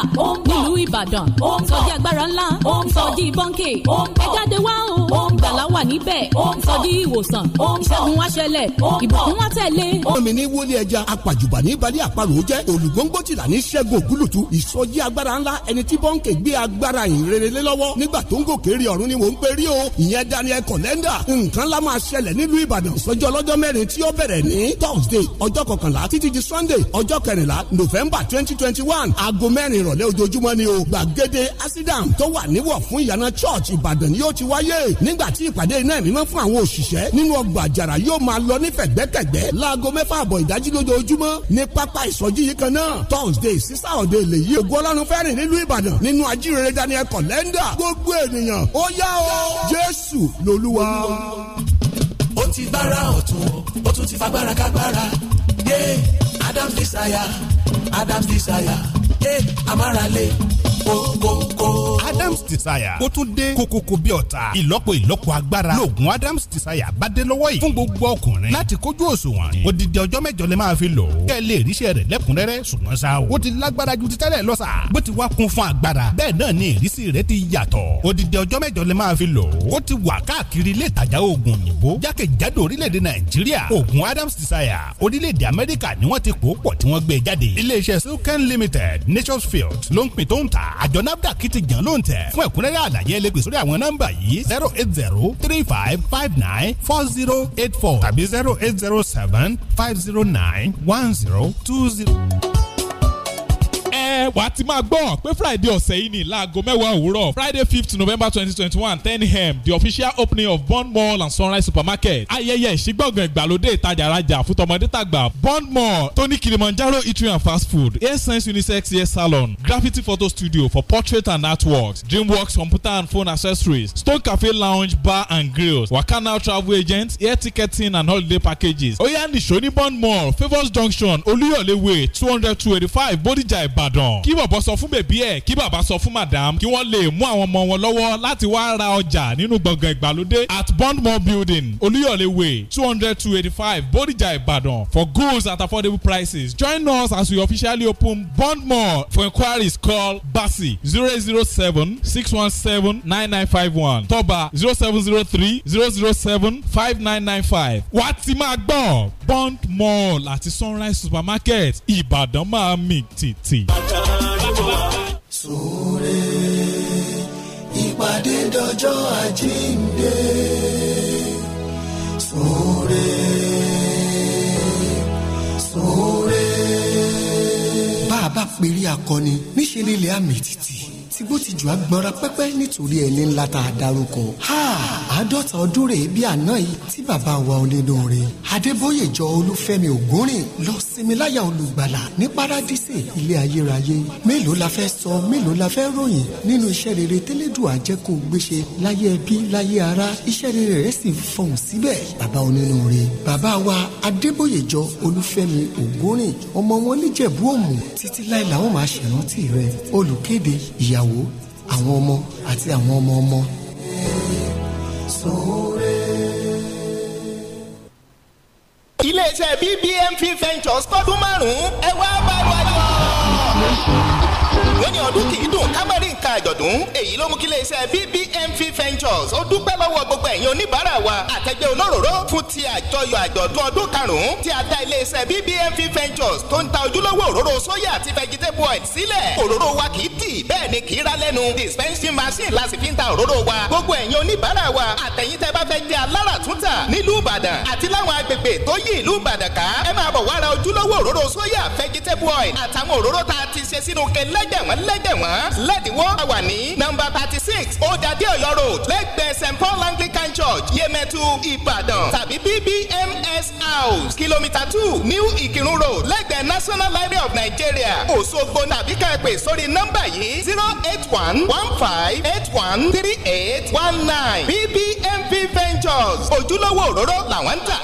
nílùú ìbàdàn sọjí agbára ńlá sọjí bọ́ńkì ẹ jáde wá o àgbàlá wà níbẹ̀ ó ń sọ di ìwòsàn ó ń ṣẹ́gun wá ṣẹlẹ̀ ìbùkún wá tẹ̀lé. omi ní wọlé ẹja apàjùbà ní balẹ̀ àparò jẹ́ olùgbòǹgbò tìlà ní ṣẹ́gun ògúlùtù ìsọjí agbára ńlá ẹni tí bọ́ǹkì gbé agbára ìrere lọ́wọ́ nígbà tó ń gòkè rí ọ̀run ni mò ń pè o ìyẹn Daniel Kolenda nǹkan la máa ṣẹlẹ̀ nílùú Ìbàdàn sọjọ́ ọlọ́jọ́ mẹ́rin tí ó bẹ̀rẹ̀ ní Thursday ọjọ́ kọkànlá títí di Sunday ọjọ́ kẹrìnlá November twenty twenty one aago mẹ́rin ìrọ̀lẹ́ ojoojúmọ́ ni o gbàgede asidam tó wà níwọ̀ fún ìyànà church Ìbàdàn ni yóò ti wáyé nígbà tí ìpàdé iná ẹ̀mí mọ́ fún àwọn òṣìṣẹ́ nínú ọgbà àjàrà yóò máa lọ ní fẹ̀gbẹ́kẹ̀gbẹ́ láago mẹ́fà àbọ̀ ìdájí lójoojúmọ́ ní pápá ìsọjí yìí kan náà Thursday sísá ọ̀dẹ èlé yìí ògo ọlọ́run fẹ́rìn nílùú Ìbàdàn nínú ajíire Daniel kọ̀lẹ́ndà gbogbo ènìyàn ó yá o Jésù lolúwa. ó ti gbára ọ̀tún ó tún ti fagbára kágbára yé Adam Desire Adam Desire yé amárale kókókó Adams Desire ó tún dé kókókó bí ọ̀tá ìlọ́po ìlọ́po agbára lóògùn Adams Desire bá dé lọ́wọ́ yìí fún gbogbo ọkùnrin láti kójú òṣùwọ̀n odidi ọjọ́ mẹ́jọ lè máa fi lò ó kẹ́ lè ríṣẹ́ rẹ̀ lẹ́kùnrẹ́rẹ́ ṣùgbọ́n ṣá o ó ti lágbára ju ti tẹ́lẹ̀ lọ sà bó ti wá kún fún agbára bẹ́ẹ̀ náà ni ìrísí rẹ̀ ti yàtọ̀ odidi ọjọ́ mẹ́jọ lè máa fi lò ó ó ti wà káàkiri ilé ìtajà oògùn òyìnbó jákèjádò orílẹ̀-èdè Nàìjíríà oògùn Adams Desire orílẹ̀-èdè Amẹ́ríkà ni wọ́n ti pò ó pọ̀ tí wọ́n gbé e jáde iléeṣẹ́ silken limited nature's field ló ń pin tó ń ta àjọ nafdac ti jàn ló ń tẹ̀ fún ẹ̀kúnrẹ́rẹ́ àlàyé ẹlẹ́gbẹ̀ sórí àwọn nọ́mbà yìí zero eight zero three five five nine four zero eight four tàbí zero eight zero seven five zero nine one zero two zero ẹ wàá ti máa gbọ́ pé friday ọ̀sẹ̀ yìí ní láago mẹ́wàá òwúrọ̀ friday fifth november twenty twenty one ten am the official opening of bond mall and sunrise supermarket ayẹyẹ ìṣígbọ̀ngàn ìgbàlódé ìtajà arajà fún tọmọdé tàgbà bond mall tony kilimanjaro eatery and fast food air science unisex hair salon graffiti photo studio for portrait and artworks dreamworks computer and phone accessories stone cafe lounge bar and grills wakana travel agents air ticketing and holiday packages oyanisho ní bond mall favours junction olúyọ̀lé two hundred two eighty five bódìjà ìbàdàn ọ̀rọ̀ kí bọ̀bọ̀ sọ fún bèbí ẹ̀ kí bàbá sọ fún madam kí wọ́n lè mú àwọn ọmọ wọn lọ́wọ́ láti wá ra ọjà nínú gbọ̀ngàn ìgbàlódé at bondmore building olúyọ̀lé way two hundred two eighty five bodijà ìbàdàn for goods at affordable prices join us as we officially open bondmore for inquiries call basi zero eight zero seven six one seven nine nine five one tọ́ba zero seven zero three zero zero seven five nine nine five wàá ti máa gbọ́ bond mall àti sunrise supermarket ìbàdàn máa mì tìtì. sóòrè ìpàdé dọjọ́ àjíǹde sóòrè sóòrè. bá a bá pèrè akọni níṣẹ́ nílẹ̀ àmì títì tìgbó ti jù agbọ́nra pẹ́pẹ́ nítorí ẹni ńlá tá a dárúkọ. ha àádọ́ta ọdún rèé bí àná yìí tí bàbá wa Olédùmarè Adébóyè jọ Olúfẹ́mi Ògúnrìn lọ sinmi láyà olùgbàlà ní párádísè ilé ayérayé mélòó la fẹ́ sọ mélòó la fẹ́ ròyìn nínú iṣẹ́ rere tẹ́lẹ̀dùn àjẹkù gbéṣe láyé ẹbí láyé ara iṣẹ́ rere rẹ̀ sì fọhùn síbẹ̀ bàbá onínúure bàbá wa Adébóyè jọ Olúfẹ́mi Ògúnrìn ọmọ wọn níjẹ̀bú òmù títí láìláwọn máa ṣèrántí rẹ̀ olùkéde ìyàwó ìyàwó àwọn ọmọ àti àwọn ọmọ ọmọ. iléeṣẹ́ bbmv ventures tọdún márùn-ún ẹ wá bá wa yọ òrùlé ní ọdún kì í dùn kámẹ́rì nǹkan àjọ̀dún èyí ló mú kí iléeṣẹ́ BBMV Ventures ó dúpẹ́ lọ́wọ́ gbogbo ẹ̀yin oníbàárà wa àtẹgbẹ́ olóróró fún ti àjọyọ̀ àjọ̀dún ọdún karùn-ún tí a dá iléeṣẹ́ BBMV Ventures tó ń ta ojúlówó òróró sóyà àti vegetable oil sílẹ̀ òróró wa kì í dì bẹ́ẹ̀ ni kì í ra lẹ́nu dispensing machine la sì fi ń ta òróró wa gbogbo ẹ̀yin oníbàárà wa àtẹ̀yin tẹ́ bá fẹ́ jẹ́ aláràtúntà nílùú Ìbàdàn àti láwọn agbègbè tó yí ìlú Ìbàdàn ká ẹ máa bọ̀ wá ra ojúlówó òróró sóyà vegetable oil àtàwọn òróró tá a ti ṣe sínú kẹlẹ́ lẹ́gbẹ̀wọ́n lẹ́gbẹ̀wọ́n lẹ́dínwó àwà ní nọ́mbà thirty six Odade Ọ̀yọ́ road lẹ́gbẹ̀ẹ́ St Paul Anglican Church Yemẹtu Ìbàdàn tàbí BBMS house kìlómítà two New Ìkírun road lẹ́gbẹ̀ẹ́ National Library of Nigeria Òṣogbo tàbí kẹ́pẹ́ sórí nọ́mbà yìí zero eight one one five eight one three eight one nine BBMP Ventures ojúlówó òróró làwọn ń tà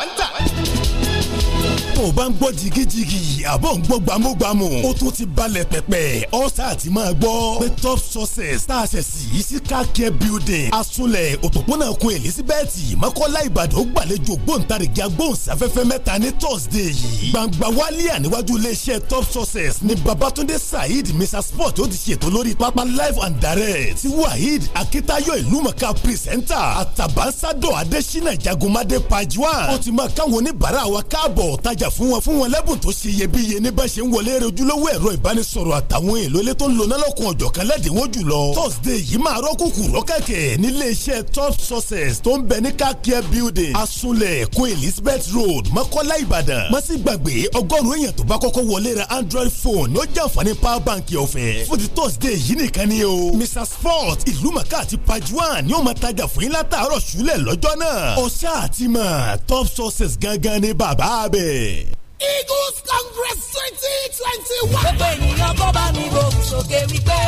tó o bá ń gbọ́ jigijigi àbọ̀ ń gbọ́ gbàmúgbàmù ó tún ti balẹ̀ pẹ̀pẹ̀ ọ̀sà àti máa gbọ́ pé top success tá a ṣẹ̀ sí sika building asunlẹ̀ òpópónà kun elizabeth mọ́kọ́lá ìbàdàn gbàlejò gbóǹtarìgì agbóhùnsáfẹ́fẹ́ mẹ́ta ní thursday yìí gbangba wálíà níwájú iléeṣẹ́ top success ní babatunde saheed mr sport ó ti ṣètò lórí pápá live and direct tí waheed akitayo ìlúmọ̀ká pírísẹ́ńtà àtàbánsádọ̀ adésínà jagunmadé pajwa ó ti máa káwọn oníbàárà wa káàbọ̀ padà fún wọn fún wọn lẹ́bùn tó ṣe iyebíye ní bá ṣe ń wọlé eré ojúlówó ẹ̀rọ ìbánisọ̀rọ̀ àtàwọn èlò ilé tó ń lo nálọ́kun ọ̀jọ̀kan lẹ́dínwó jùlọ thursday yìí máa rọ́ rọ́kẹ̀kẹ̀ nílé iṣẹ́ top success tó ń bẹ ní kákíẹ́ building asunlẹ̀ kún elizabeth road mọ́kọ́lá ìbàdàn má sì gbàgbé ọgọ́rùn-ún èèyàn tó bá kọ́kọ́ wọlé ra android phone ló jàǹfààní power bank ọ̀fẹ́ fún ti thursday yìí nìkan ni o mr sport ìlúmọ̀ká àti pajúwàn ni ó máa tajà fún yín top success gangan ni bàbá abẹ́. Eagles Congress twenty twenty one. gbogbo ènìyàn kọ́ bá mi bò sókè wípé.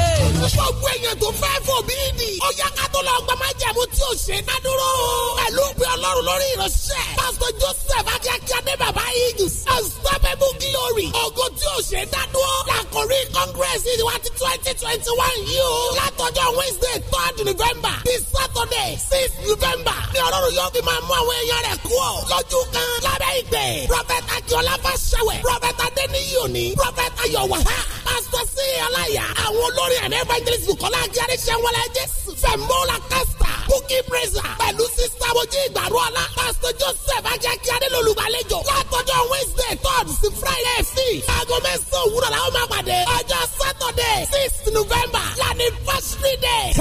gbogbo èèyàn tó fẹ́ fòbí nì. ó yá ká tó lọ gbọ́ máa jẹ̀mú tí ò ṣe ná dúró. pẹ̀lú pé ọlọ́run lórí ìránṣẹ́. pásítọ̀ Joseph akíákíá ní bàbá Eagles. unstoppable glory. ògo tí ò ṣe dá dúró. làkòrí Congress ìdíwá ti twenty twenty one yìí o. látọjọ́ Wednesday third November. di Saturday six November. ní ọlọ́run yóò fi máa mú àwọn èèyàn rẹ̀ kú ọ. lójú kan lábẹ́ ìgbẹ́. prophet akíọ́lá Jehovah Shawe Prophet Adeniyi òní Prophet Ayọ̀ Wàhá Pastor C. Aláyà àwọn olórin ẹ̀mí evangelist Bukola Ajáde Ṣẹ́wọ́lá Jésù Fẹ̀mọ́lá Kásítà Kúkí Praiser pẹ̀lú Sista Mojí Ìgbàrúọlá Pastor Joseph Ajákíadé lolùgbàlejò látọjọ́ Wednesday third sí Friday fifth aago mẹ́sàn-án òwúrọ̀ làwọn máa pàdé ọjọ́ Saturday sixth November lánìí first three days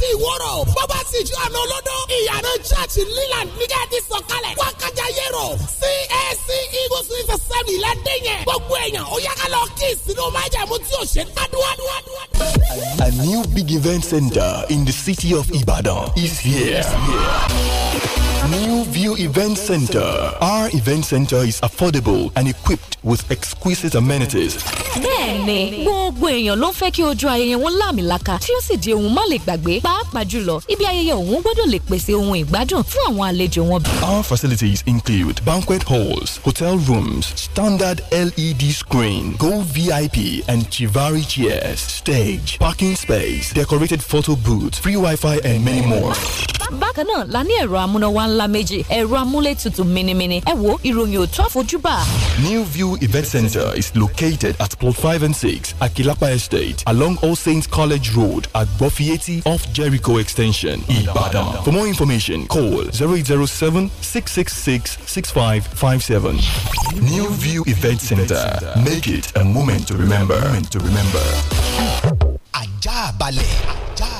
àti ìwọ́rọ̀ bọ́bá sì ju àná olódó ìyànà church leland níjà ti sọ̀kalẹ̀ wákàjà yẹ̀rọ CAC eagles with assembly ládẹ́yẹ gbogbo èèyàn ó yá ká lọ kí ìsinú májàmú tí ò ṣe tádùá. A new big event center in the city of Ibadan is here. New View Event Center. Our event center is affordable and equipped with exquisite amenities. Bẹ́ẹ̀ni, gbogbo èèyàn ló ń fẹ́ kí ojú ayẹyẹ wọn láàmì laka tí ó sì di ohun má lè gbàgbé pàápàá jùlọ ibi ayẹyẹ òun gbọ́dọ̀ lè pèsè ohun ìgbádùn fún àwọn àlejò wọn. Our facilities include banquet halls, hotel rooms, standard LED screen, gold VIP and Chivari chairs, stage, parking space, decorated photo booth, free Wi-Fi and many more. Bákan náà la ní ẹ̀rọ amúnáwá ńlá méjì, ẹ̀rọ amúlétutù minimini, ẹ wo ìròyìn òtún àfojúbà. New View Event Center is located at plot five and six Akilapa Estate along All Saints College Road at Agbofieti off J Jericho Extension, Ibadan. For more information, call 0807 6557. New View Event Center. Make it a moment to remember. Moment to remember. Ajá balẹ̀.